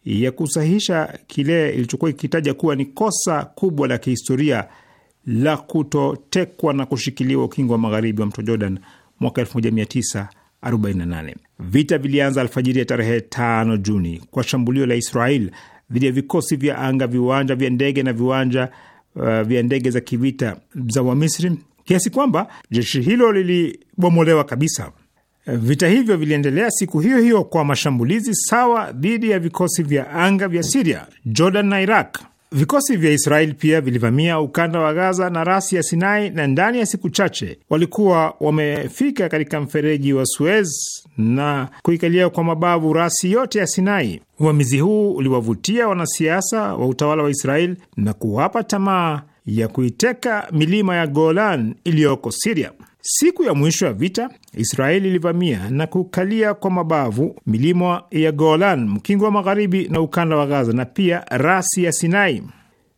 ya kusahihisha kile ilichokuwa ikitaja kuwa ni kosa kubwa la kihistoria la kutotekwa na kushikiliwa ukingo wa magharibi wa mto Jordan mwaka 1948. Vita vilianza alfajiri ya tarehe 5 Juni kwa shambulio la Israel dhidi ya vikosi vya anga, viwanja vya ndege na viwanja uh, vya ndege za kivita za Wamisri kiasi kwamba jeshi hilo lilibomolewa kabisa. Vita hivyo viliendelea siku hiyo hiyo kwa mashambulizi sawa dhidi ya vikosi vya anga vya Siria, Jordan na Iraq. Vikosi vya Israeli pia vilivamia ukanda wa Gaza na rasi ya Sinai, na ndani ya siku chache walikuwa wamefika katika mfereji wa Suez na kuikalia kwa mabavu rasi yote ya Sinai. Uvamizi huu uliwavutia wanasiasa wa utawala wa Israeli na kuwapa tamaa ya kuiteka milima ya Golan iliyoko Siria. Siku ya mwisho ya vita, Israeli ilivamia na kukalia kwa mabavu milima ya Golan, mkingo wa magharibi na ukanda wa Gaza na pia rasi ya Sinai.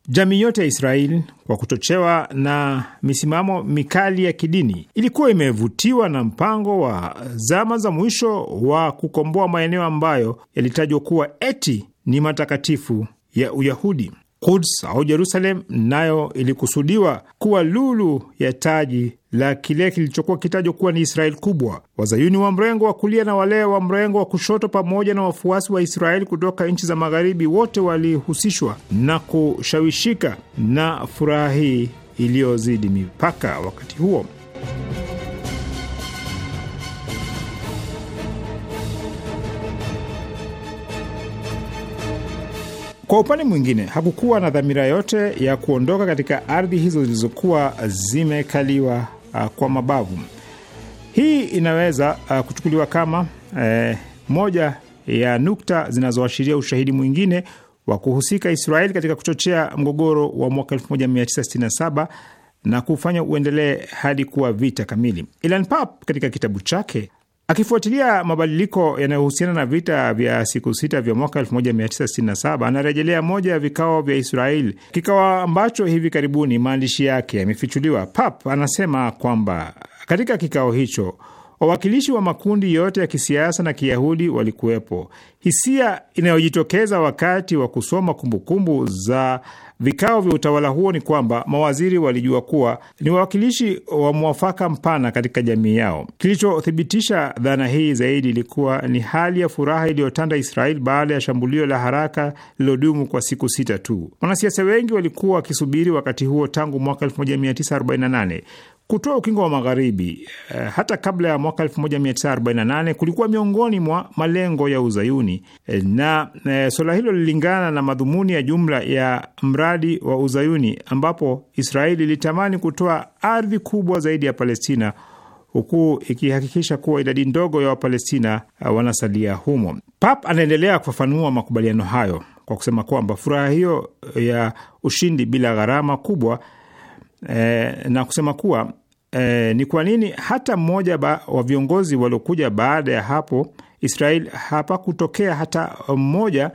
Jamii yote ya Israeli kwa kuchochewa na misimamo mikali ya kidini ilikuwa imevutiwa na mpango wa zama za mwisho wa kukomboa maeneo ambayo yalitajwa kuwa eti ni matakatifu ya Uyahudi. Kuds au Jerusalem nayo ilikusudiwa kuwa lulu ya taji la kile kilichokuwa kitajwa kuwa ni Israeli kubwa. Wazayuni wa mrengo wa kulia na wale wa mrengo wa kushoto pamoja na wafuasi wa Israeli kutoka nchi za magharibi wote walihusishwa na kushawishika na furaha hii iliyozidi mipaka wakati huo. Kwa upande mwingine, hakukuwa na dhamira yote ya kuondoka katika ardhi hizo zilizokuwa zimekaliwa uh, kwa mabavu. Hii inaweza uh, kuchukuliwa kama eh, moja ya nukta zinazoashiria ushahidi mwingine wa kuhusika Israeli katika kuchochea mgogoro wa mwaka 1967 na kufanya uendelee hadi kuwa vita kamili. Ilan Pappe katika kitabu chake Akifuatilia mabadiliko yanayohusiana na vita vya siku sita vya mwaka 1967 anarejelea moja ya vikao vya israel kikao ambacho hivi karibuni maandishi yake yamefichuliwa. Pap anasema kwamba katika kikao hicho Wawakilishi wa makundi yote ya kisiasa na Kiyahudi walikuwepo. Hisia inayojitokeza wakati wa kusoma kumbukumbu za vikao vya utawala huo ni kwamba mawaziri walijua kuwa ni wawakilishi wa mwafaka mpana katika jamii yao. Kilichothibitisha dhana hii zaidi ilikuwa ni hali ya furaha iliyotanda Israeli baada ya shambulio la haraka lililodumu kwa siku sita tu. Wanasiasa wengi walikuwa wakisubiri wakati huo tangu mwaka 1948. Kutoa ukingo wa magharibi eh, hata kabla ya mwaka 1948 kulikuwa miongoni mwa malengo ya uzayuni eh, na eh, suala hilo lilingana na madhumuni ya jumla ya mradi wa uzayuni ambapo Israeli ilitamani kutoa ardhi kubwa zaidi ya Palestina huku ikihakikisha kuwa idadi ndogo ya Wapalestina eh, wanasalia humo. Pap anaendelea kufafanua makubaliano hayo kwa kusema kwamba furaha hiyo ya ushindi bila gharama kubwa e, na kusema kuwa e, ni kwa nini hata mmoja wa viongozi waliokuja baada ya hapo Israel hapakutokea hata mmoja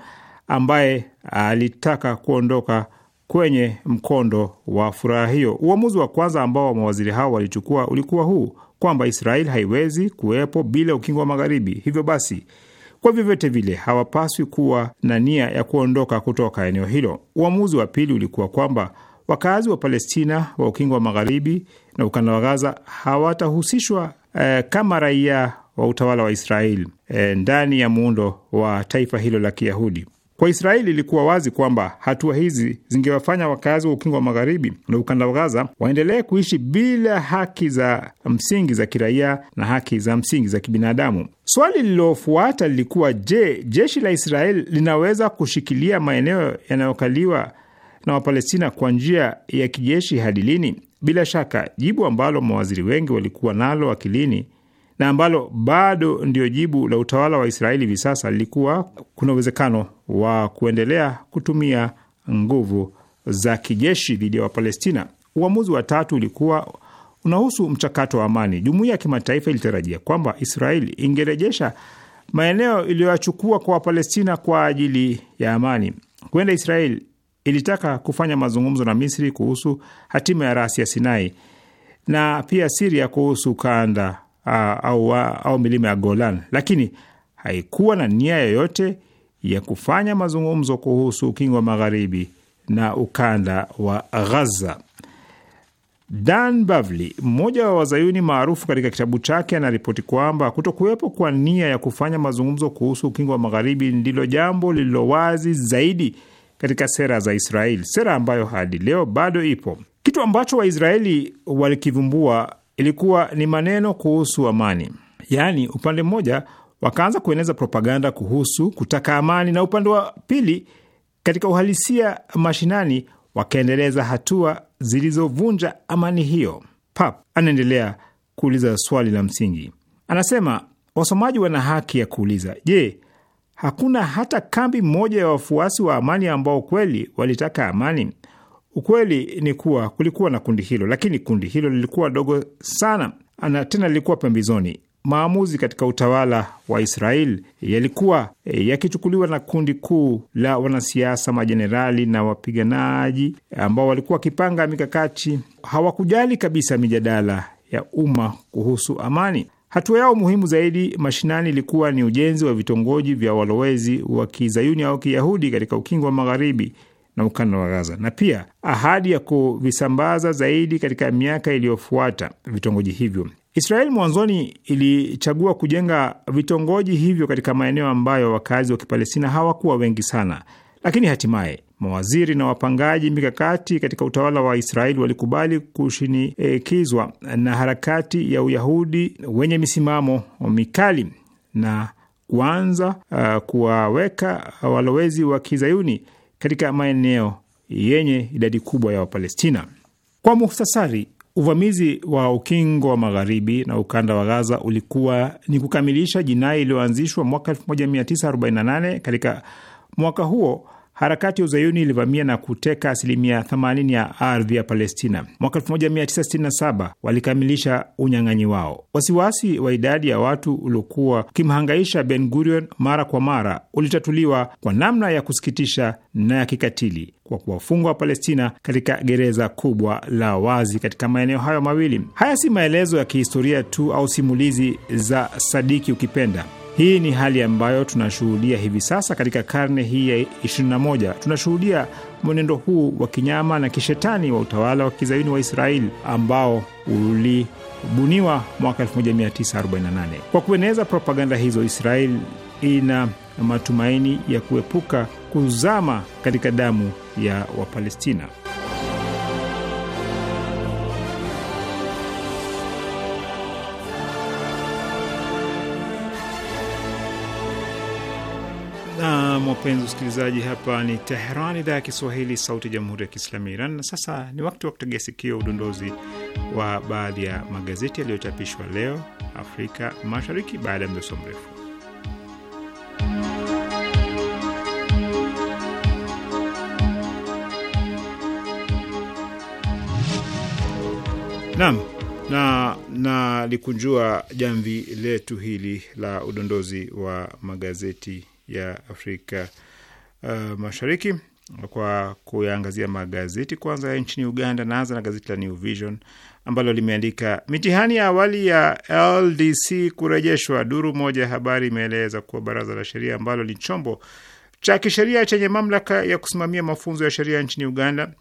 ambaye alitaka kuondoka kwenye mkondo wa furaha hiyo. Uamuzi wa kwanza ambao mawaziri hao walichukua ulikuwa huu kwamba Israel haiwezi kuwepo bila ukingo wa Magharibi, hivyo basi kwa vyovyote vile hawapaswi kuwa na nia ya kuondoka kutoka eneo hilo. Uamuzi wa pili ulikuwa kwamba Wakazi wa Palestina wa ukingo wa magharibi na ukanda wa Gaza hawatahusishwa eh, kama raia wa utawala wa Israeli eh, ndani ya muundo wa taifa hilo la Kiyahudi. Kwa Israeli ilikuwa wazi kwamba hatua hizi zingewafanya wakazi wa ukingo wa magharibi na ukanda wa Gaza waendelee kuishi bila haki za msingi za kiraia na haki za msingi za kibinadamu. Swali lililofuata lilikuwa je, jeshi la Israeli linaweza kushikilia maeneo yanayokaliwa na Wapalestina kwa njia ya kijeshi hadi lini? Bila shaka jibu ambalo mawaziri wengi walikuwa nalo akilini na ambalo bado ndio jibu la utawala wa Israeli hivi sasa lilikuwa kuna uwezekano wa kuendelea kutumia nguvu za kijeshi dhidi ya Wapalestina. Uamuzi wa tatu ulikuwa unahusu mchakato wa amani. Jumuiya ya kimataifa ilitarajia kwamba Israeli ingerejesha maeneo iliyoyachukua kwa Wapalestina kwa ajili ya amani. Huenda Israeli ilitaka kufanya mazungumzo na Misri kuhusu hatima ya rasi ya Sinai na pia Siria kuhusu ukanda au, au milima ya Golan, lakini haikuwa na nia yoyote ya kufanya mazungumzo kuhusu ukingo wa magharibi na ukanda wa Ghaza. Dan Bavli, mmoja wa wazayuni maarufu, katika kitabu chake anaripoti kwamba kutokuwepo kwa nia ya kufanya mazungumzo kuhusu ukingo wa magharibi ndilo jambo lililo wazi zaidi katika sera za Israeli, sera ambayo hadi leo bado ipo. Kitu ambacho Waisraeli walikivumbua ilikuwa ni maneno kuhusu amani, yaani upande mmoja wakaanza kueneza propaganda kuhusu kutaka amani, na upande wa pili, katika uhalisia mashinani, wakaendeleza hatua zilizovunja amani hiyo. Pap anaendelea kuuliza swali la msingi, anasema wasomaji wana haki ya kuuliza, je, hakuna hata kambi moja ya wafuasi wa amani ambao kweli walitaka amani. Ukweli ni kuwa kulikuwa na kundi hilo, lakini kundi hilo lilikuwa dogo sana na tena lilikuwa pembezoni. Maamuzi katika utawala wa Israel yalikuwa eh, yakichukuliwa na kundi kuu la wanasiasa, majenerali na wapiganaji ambao walikuwa wakipanga mikakati. Hawakujali kabisa mijadala ya umma kuhusu amani. Hatua yao muhimu zaidi mashinani ilikuwa ni ujenzi wa vitongoji vya walowezi wa kizayuni au kiyahudi katika ukingo wa magharibi na ukanda wa Gaza, na pia ahadi ya kuvisambaza zaidi katika miaka iliyofuata vitongoji hivyo. Israeli mwanzoni ilichagua kujenga vitongoji hivyo katika maeneo ambayo wakazi wa Kipalestina hawakuwa wengi sana, lakini hatimaye mawaziri na wapangaji mikakati katika utawala wa Israeli walikubali kushinikizwa na harakati ya Uyahudi wenye misimamo mikali na kuanza uh, kuwaweka walowezi wa kizayuni katika maeneo yenye idadi kubwa ya Wapalestina. Kwa muhtasari, uvamizi wa ukingo wa magharibi na ukanda wa Gaza ulikuwa ni kukamilisha jinai iliyoanzishwa mwaka 1948 katika Mwaka huo harakati ya uzayuni ilivamia na kuteka asilimia 80 ya ardhi ya Palestina. Mwaka 1967 walikamilisha unyang'anyi wao. Wasiwasi wa idadi ya watu uliokuwa ukimhangaisha Ben Gurion mara kwa mara ulitatuliwa kwa namna ya kusikitisha na ya kikatili kwa kuwafungwa wa Palestina katika gereza kubwa la wazi katika maeneo hayo mawili. Haya si maelezo ya kihistoria tu au simulizi za Sadiki ukipenda hii ni hali ambayo tunashuhudia hivi sasa katika karne hii ya 21. Tunashuhudia mwenendo huu wa kinyama na kishetani wa utawala wa kizayuni wa Israeli ambao ulibuniwa mwaka 1948. Kwa kueneza propaganda hizo, Israeli ina matumaini ya kuepuka kuzama katika damu ya Wapalestina. Naam, wapenzi usikilizaji, hapa ni Teheran, idhaa ya Kiswahili, sauti ya jamhuri ya kiislamu ya Iran. Na sasa ni wakati wa kutegea sikio udondozi wa baadhi ya magazeti yaliyochapishwa leo Afrika Mashariki, baada ya mdoso mrefu. nam na nalikunjua jamvi letu hili la udondozi wa magazeti ya Afrika uh, Mashariki kwa kuyaangazia magazeti kwanza ya nchini Uganda. Naanza na gazeti la New Vision ambalo limeandika mitihani ya awali ya LDC kurejeshwa. Duru moja ya habari imeeleza kuwa baraza la sheria ambalo ni chombo cha kisheria chenye mamlaka ya kusimamia mafunzo ya sheria nchini Uganda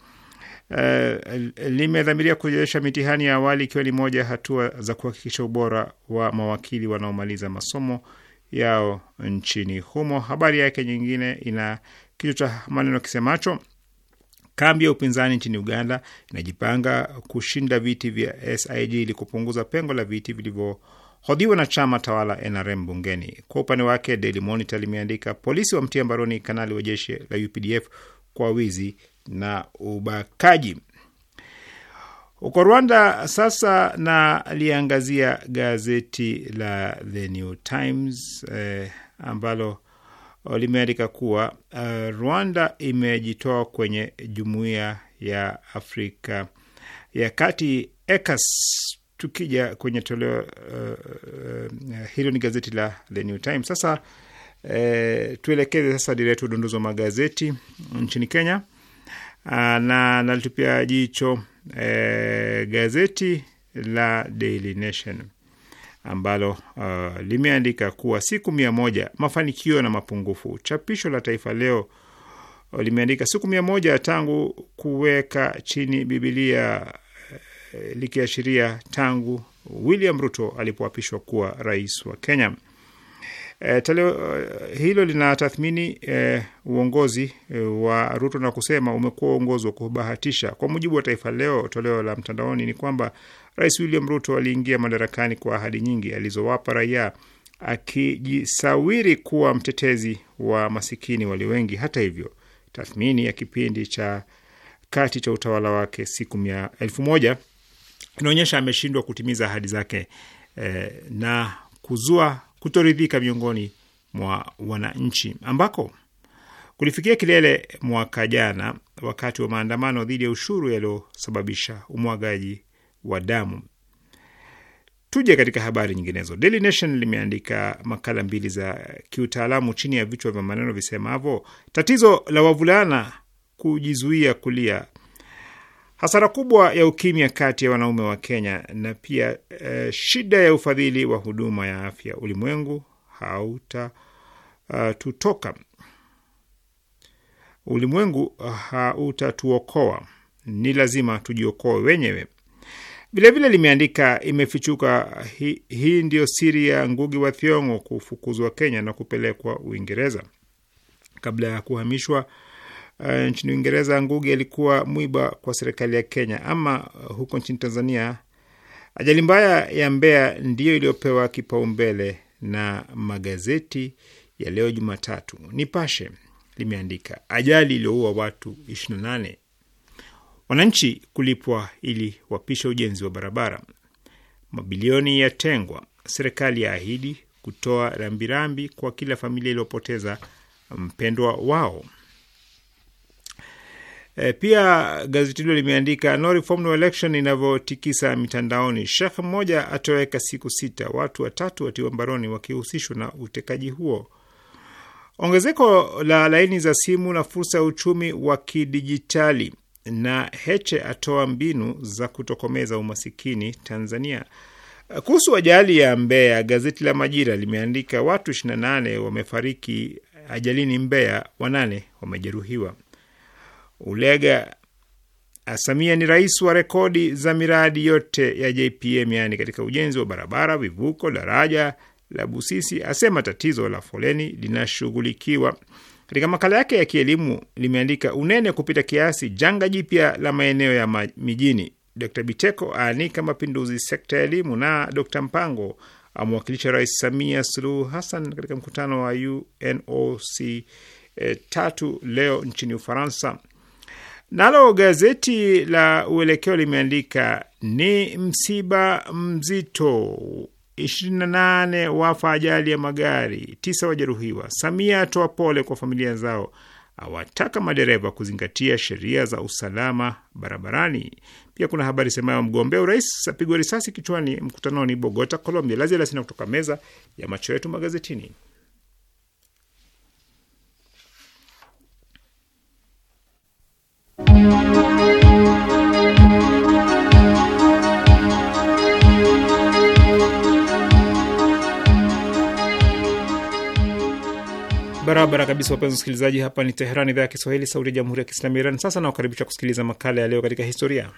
Uh, limedhamiria kurejesha mitihani ya awali ikiwa ni moja ya hatua za kuhakikisha ubora wa mawakili wanaomaliza masomo yao nchini humo. Habari yake nyingine ina kichwa cha maneno kisemacho kambi ya upinzani nchini Uganda inajipanga kushinda viti vya SIG ili kupunguza pengo la viti vilivyohodhiwa na chama tawala NRM bungeni. Kwa upande wake, Daily Monitor limeandika polisi wa mtia mbaroni kanali wa jeshi la UPDF kwa wizi na ubakaji. Uko Rwanda sasa, na gazeti la The New Times eh, ambalo limeandika kuwa uh, Rwanda imejitoa kwenye jumuiya ya Afrika ya kati ECAS. Tukija kwenye toleo uh, uh, hilo ni gazeti la The New Times. Sasa eh, tuelekeze sasa dira yetu udondozi wa magazeti nchini Kenya uh, na nalitupia jicho e, gazeti la Daily Nation ambalo uh, limeandika kuwa siku mia moja mafanikio na mapungufu. Chapisho la Taifa Leo uh, limeandika siku mia moja tangu kuweka chini Bibilia eh, likiashiria tangu William Ruto alipoapishwa kuwa rais wa Kenya. Eh, e, toleo eh, hilo tathmini e, eh, uongozi e, wa Ruto na kusema umekuwa uongozi wa kubahatisha. Kwa mujibu wa Taifa Leo toleo la mtandaoni, ni kwamba Rais William Ruto aliingia madarakani kwa ahadi nyingi alizowapa raia akijisawiri kuwa mtetezi wa masikini walio wengi. Hata hivyo, tathmini ya kipindi cha kati cha utawala wake siku mia elfu moja inaonyesha ameshindwa kutimiza ahadi zake e, na kuzua kutoridhika miongoni mwa wananchi ambako kulifikia kilele mwaka jana wakati wa maandamano dhidi ya ushuru yaliyosababisha umwagaji wa damu. Tuje katika habari nyinginezo. Daily Nation limeandika makala mbili za kiutaalamu chini ya vichwa vya maneno visemavyo, tatizo la wavulana kujizuia kulia hasara kubwa ya ukimya kati ya wanaume wa Kenya na pia eh, shida ya ufadhili wa huduma ya afya. Ulimwengu hautatutoka, eh, uh, ulimwengu hautatuokoa, ni lazima tujiokoe wenyewe. Vilevile limeandika imefichuka hii hi ndiyo siri ya Ngugi wa Thiong'o kufukuzwa Kenya na kupelekwa Uingereza kabla ya kuhamishwa uh, nchini Uingereza Ngugi alikuwa mwiba kwa serikali ya Kenya. Ama uh, huko nchini Tanzania ajali mbaya ya Mbeya ndiyo iliyopewa kipaumbele na magazeti ya leo Jumatatu. Nipashe limeandika ajali iliyoua watu 28, wananchi kulipwa ili wapisha ujenzi wa barabara, mabilioni yatengwa, serikali ya ahidi kutoa rambirambi kwa kila familia iliyopoteza mpendwa wao. E, pia gazeti hilo limeandika no reform no election inavyotikisa mitandaoni, shekh mmoja atoweka siku sita, watu watatu watiwa mbaroni wakihusishwa na utekaji huo. Ongezeko la laini za simu na fursa ya uchumi wa kidijitali, na Heche atoa mbinu za kutokomeza umasikini Tanzania. Kuhusu ajali ya Mbeya, gazeti la Majira limeandika watu 28 wamefariki ajalini Mbeya, wanane wamejeruhiwa. Ulega Samia ni rais wa rekodi za miradi yote ya JPM, yaani katika ujenzi wa barabara, vivuko, daraja la Busisi, asema tatizo la foleni linashughulikiwa. Katika makala yake ya kielimu limeandika unene kupita kiasi, janga jipya la maeneo ya mijini. Dr Biteko aanika mapinduzi sekta ya elimu, na Dr Mpango amewakilisha Rais Samia Suluhu Hassan katika mkutano wa UNOC eh, tatu leo nchini Ufaransa. Nalo gazeti la Uelekeo limeandika ni msiba mzito, 28 wafa ajali ya magari, tisa wajeruhiwa. Samia atoa pole kwa familia zao, awataka madereva kuzingatia sheria za usalama barabarani. Pia kuna habari semayo mgombea urais apigwa risasi kichwani mkutanoni Bogota, Colombia. Lazia sina kutoka meza ya macho yetu magazetini. Barabara kabisa, wapenzi wasikilizaji, hapa ni Teherani, idhaa ya Kiswahili, sauti ya jamhuri ya kiislamu ya Iran. Sasa nawakaribisha kusikiliza makala ya leo katika historia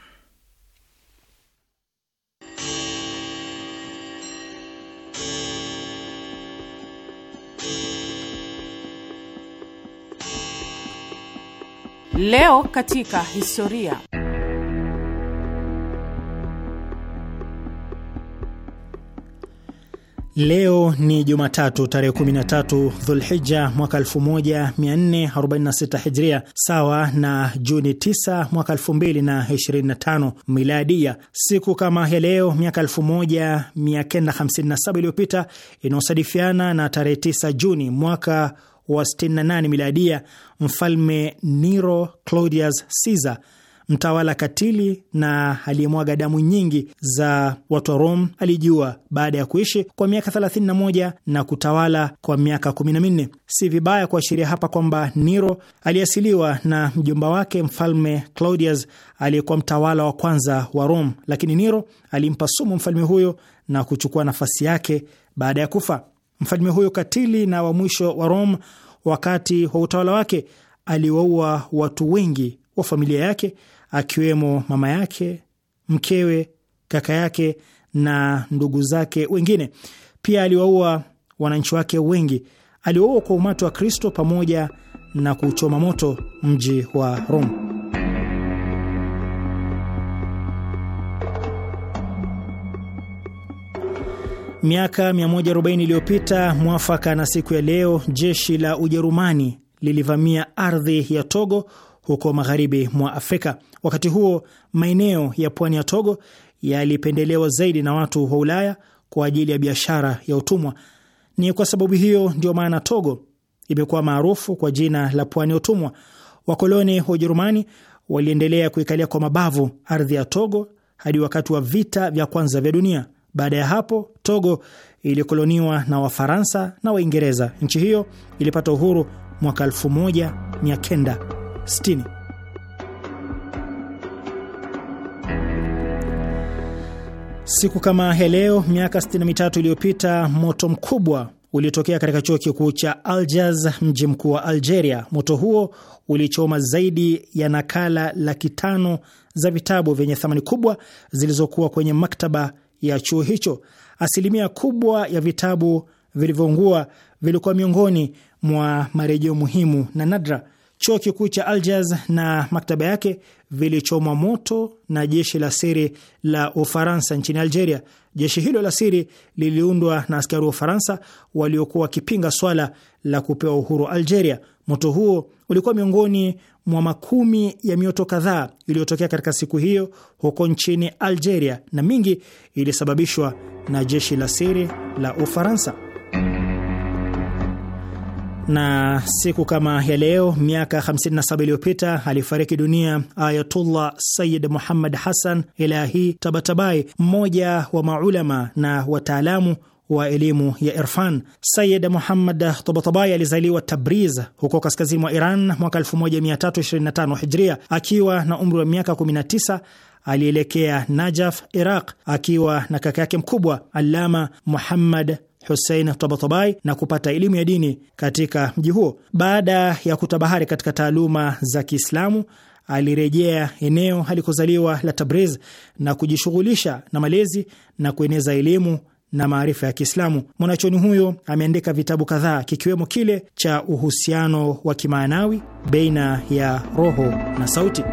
Leo katika historia. Leo ni Jumatatu tarehe 13 Dhulhija mwaka 1446 Hijria, sawa na Juni 9 mwaka 2025 Miladia. Siku kama ya leo miaka 1957 iliyopita, inaosadifiana na tarehe 9 Juni mwaka wa 68 miladia, mfalme Nero Claudius Caesar mtawala katili na aliyemwaga damu nyingi za watu wa Rome alijua baada ya kuishi kwa miaka 31 na kutawala kwa miaka 14. Si vibaya kuashiria hapa kwamba Nero aliasiliwa na mjomba wake mfalme Claudius aliyekuwa mtawala wa kwanza wa Rome, lakini Nero alimpa sumu mfalme huyo na kuchukua nafasi yake baada ya kufa. Mfalme huyo katili na wa mwisho wa Rome, wakati wa utawala wake, aliwaua watu wengi wa familia yake, akiwemo mama yake, mkewe, kaka yake na ndugu zake wengine. Pia aliwaua wananchi wake wengi. Aliwaua kwa umati wa Kristo pamoja na kuchoma moto mji wa Roma. Miaka 140 iliyopita mwafaka na siku ya leo, jeshi la Ujerumani lilivamia ardhi ya Togo huko magharibi mwa Afrika. Wakati huo maeneo ya pwani ya Togo yalipendelewa zaidi na watu wa Ulaya kwa ajili ya biashara ya utumwa. Ni kwa sababu hiyo ndio maana Togo imekuwa maarufu kwa jina la pwani ya utumwa. Wakoloni wa Ujerumani waliendelea kuikalia kwa mabavu ardhi ya Togo hadi wakati wa vita vya kwanza vya dunia. Baada ya hapo, Togo ilikoloniwa na Wafaransa na Waingereza. Nchi hiyo ilipata uhuru mwaka 1960. Siku kama ya leo miaka 63 iliyopita moto mkubwa uliotokea katika chuo kikuu cha Algiers, mji mkuu wa Algeria. Moto huo ulichoma zaidi ya nakala laki tano za vitabu vyenye thamani kubwa zilizokuwa kwenye maktaba ya chuo hicho. Asilimia kubwa ya vitabu vilivyoungua vilikuwa miongoni mwa marejeo muhimu na nadra. Chuo kikuu cha Algiers na maktaba yake vilichomwa moto na jeshi la siri la Ufaransa nchini Algeria. Jeshi hilo la siri liliundwa na askari wa Ufaransa waliokuwa wakipinga swala la kupewa uhuru Algeria. Moto huo ulikuwa miongoni mwa makumi ya mioto kadhaa iliyotokea katika siku hiyo huko nchini Algeria, na mingi ilisababishwa na jeshi la siri la Ufaransa na siku kama ya leo miaka 57 iliyopita alifariki dunia Ayatullah sayid Muhammad Hassan Ilahi Tabatabai, mmoja wa maulama na wataalamu wa elimu ya irfan. Sayid Muhammad Tabatabai alizaliwa Tabriz huko kaskazini mwa Iran mwaka 1325 Hijria. Akiwa na umri wa miaka 19 alielekea Najaf, Iraq, akiwa na kaka yake mkubwa Allama Muhammad Hussein Tabatabai na kupata elimu ya dini katika mji huo. Baada ya kutabahari katika taaluma za Kiislamu, alirejea eneo alikozaliwa la Tabriz na kujishughulisha na malezi na kueneza elimu na maarifa ya Kiislamu. Mwanachoni huyo ameandika vitabu kadhaa kikiwemo kile cha uhusiano wa kimaanawi baina ya roho na sauti.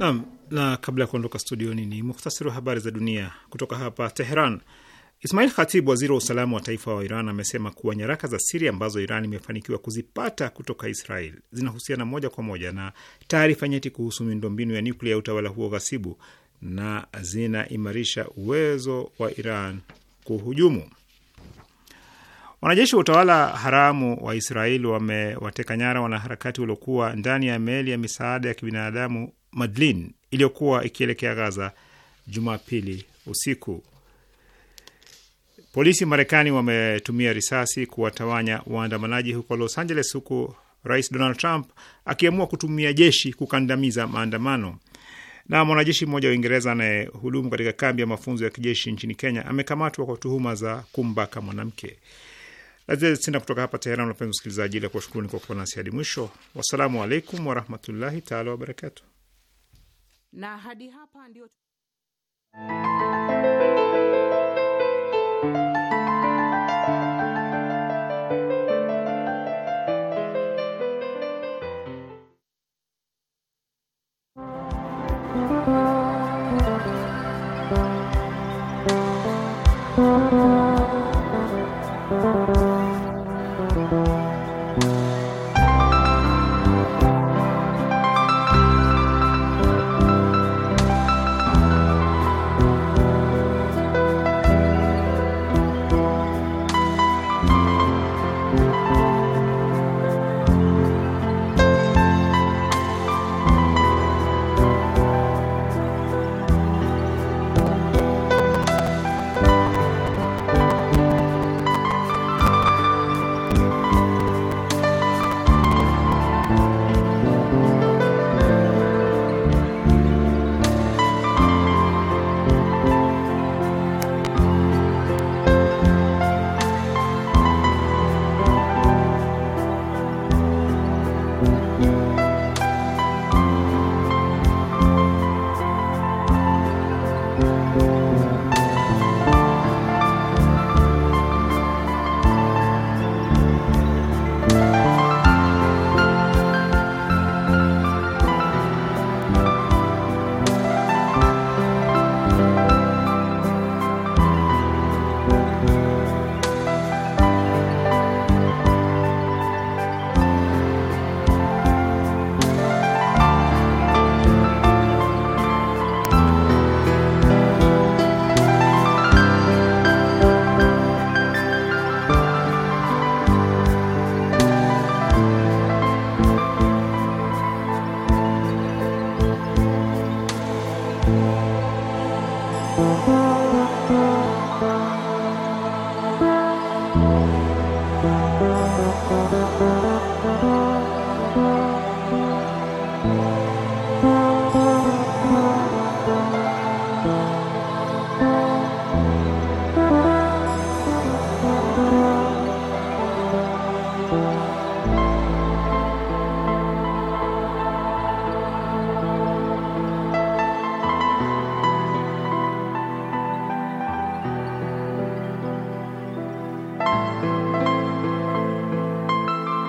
Naam, na kabla ya kuondoka studioni ni muhtasari wa habari za dunia kutoka hapa Teheran. Ismail Khatib, waziri wa usalama wa taifa wa Iran, amesema kuwa nyaraka za siri ambazo Iran imefanikiwa kuzipata kutoka Israel zinahusiana moja kwa moja na taarifa nyeti kuhusu miundombinu ya nyuklia ya utawala huo ghasibu na zinaimarisha uwezo wa Iran kuhujumu. Wanajeshi wa utawala haramu wa israel wamewateka nyara wanaharakati waliokuwa ndani ya meli ya misaada ya kibinadamu Madlin iliyokuwa ikielekea Gaza Jumapili usiku. Polisi Marekani wametumia risasi kuwatawanya waandamanaji huko Los Angeles, huku Rais Donald Trump akiamua kutumia jeshi kukandamiza maandamano. Na mwanajeshi mmoja wa Uingereza anayehudumu katika kambi ya mafunzo ya kijeshi nchini Kenya amekamatwa kwa tuhuma za kumbaka mwanamke. Sina kutoka hapa Teheran, wapenzi wasikilizaji, ila kuwashukuruni kwa kuwa nasi hadi mwisho. Wassalamu alaikum warahmatullahi taala wabarakatu na hadi hapa ndio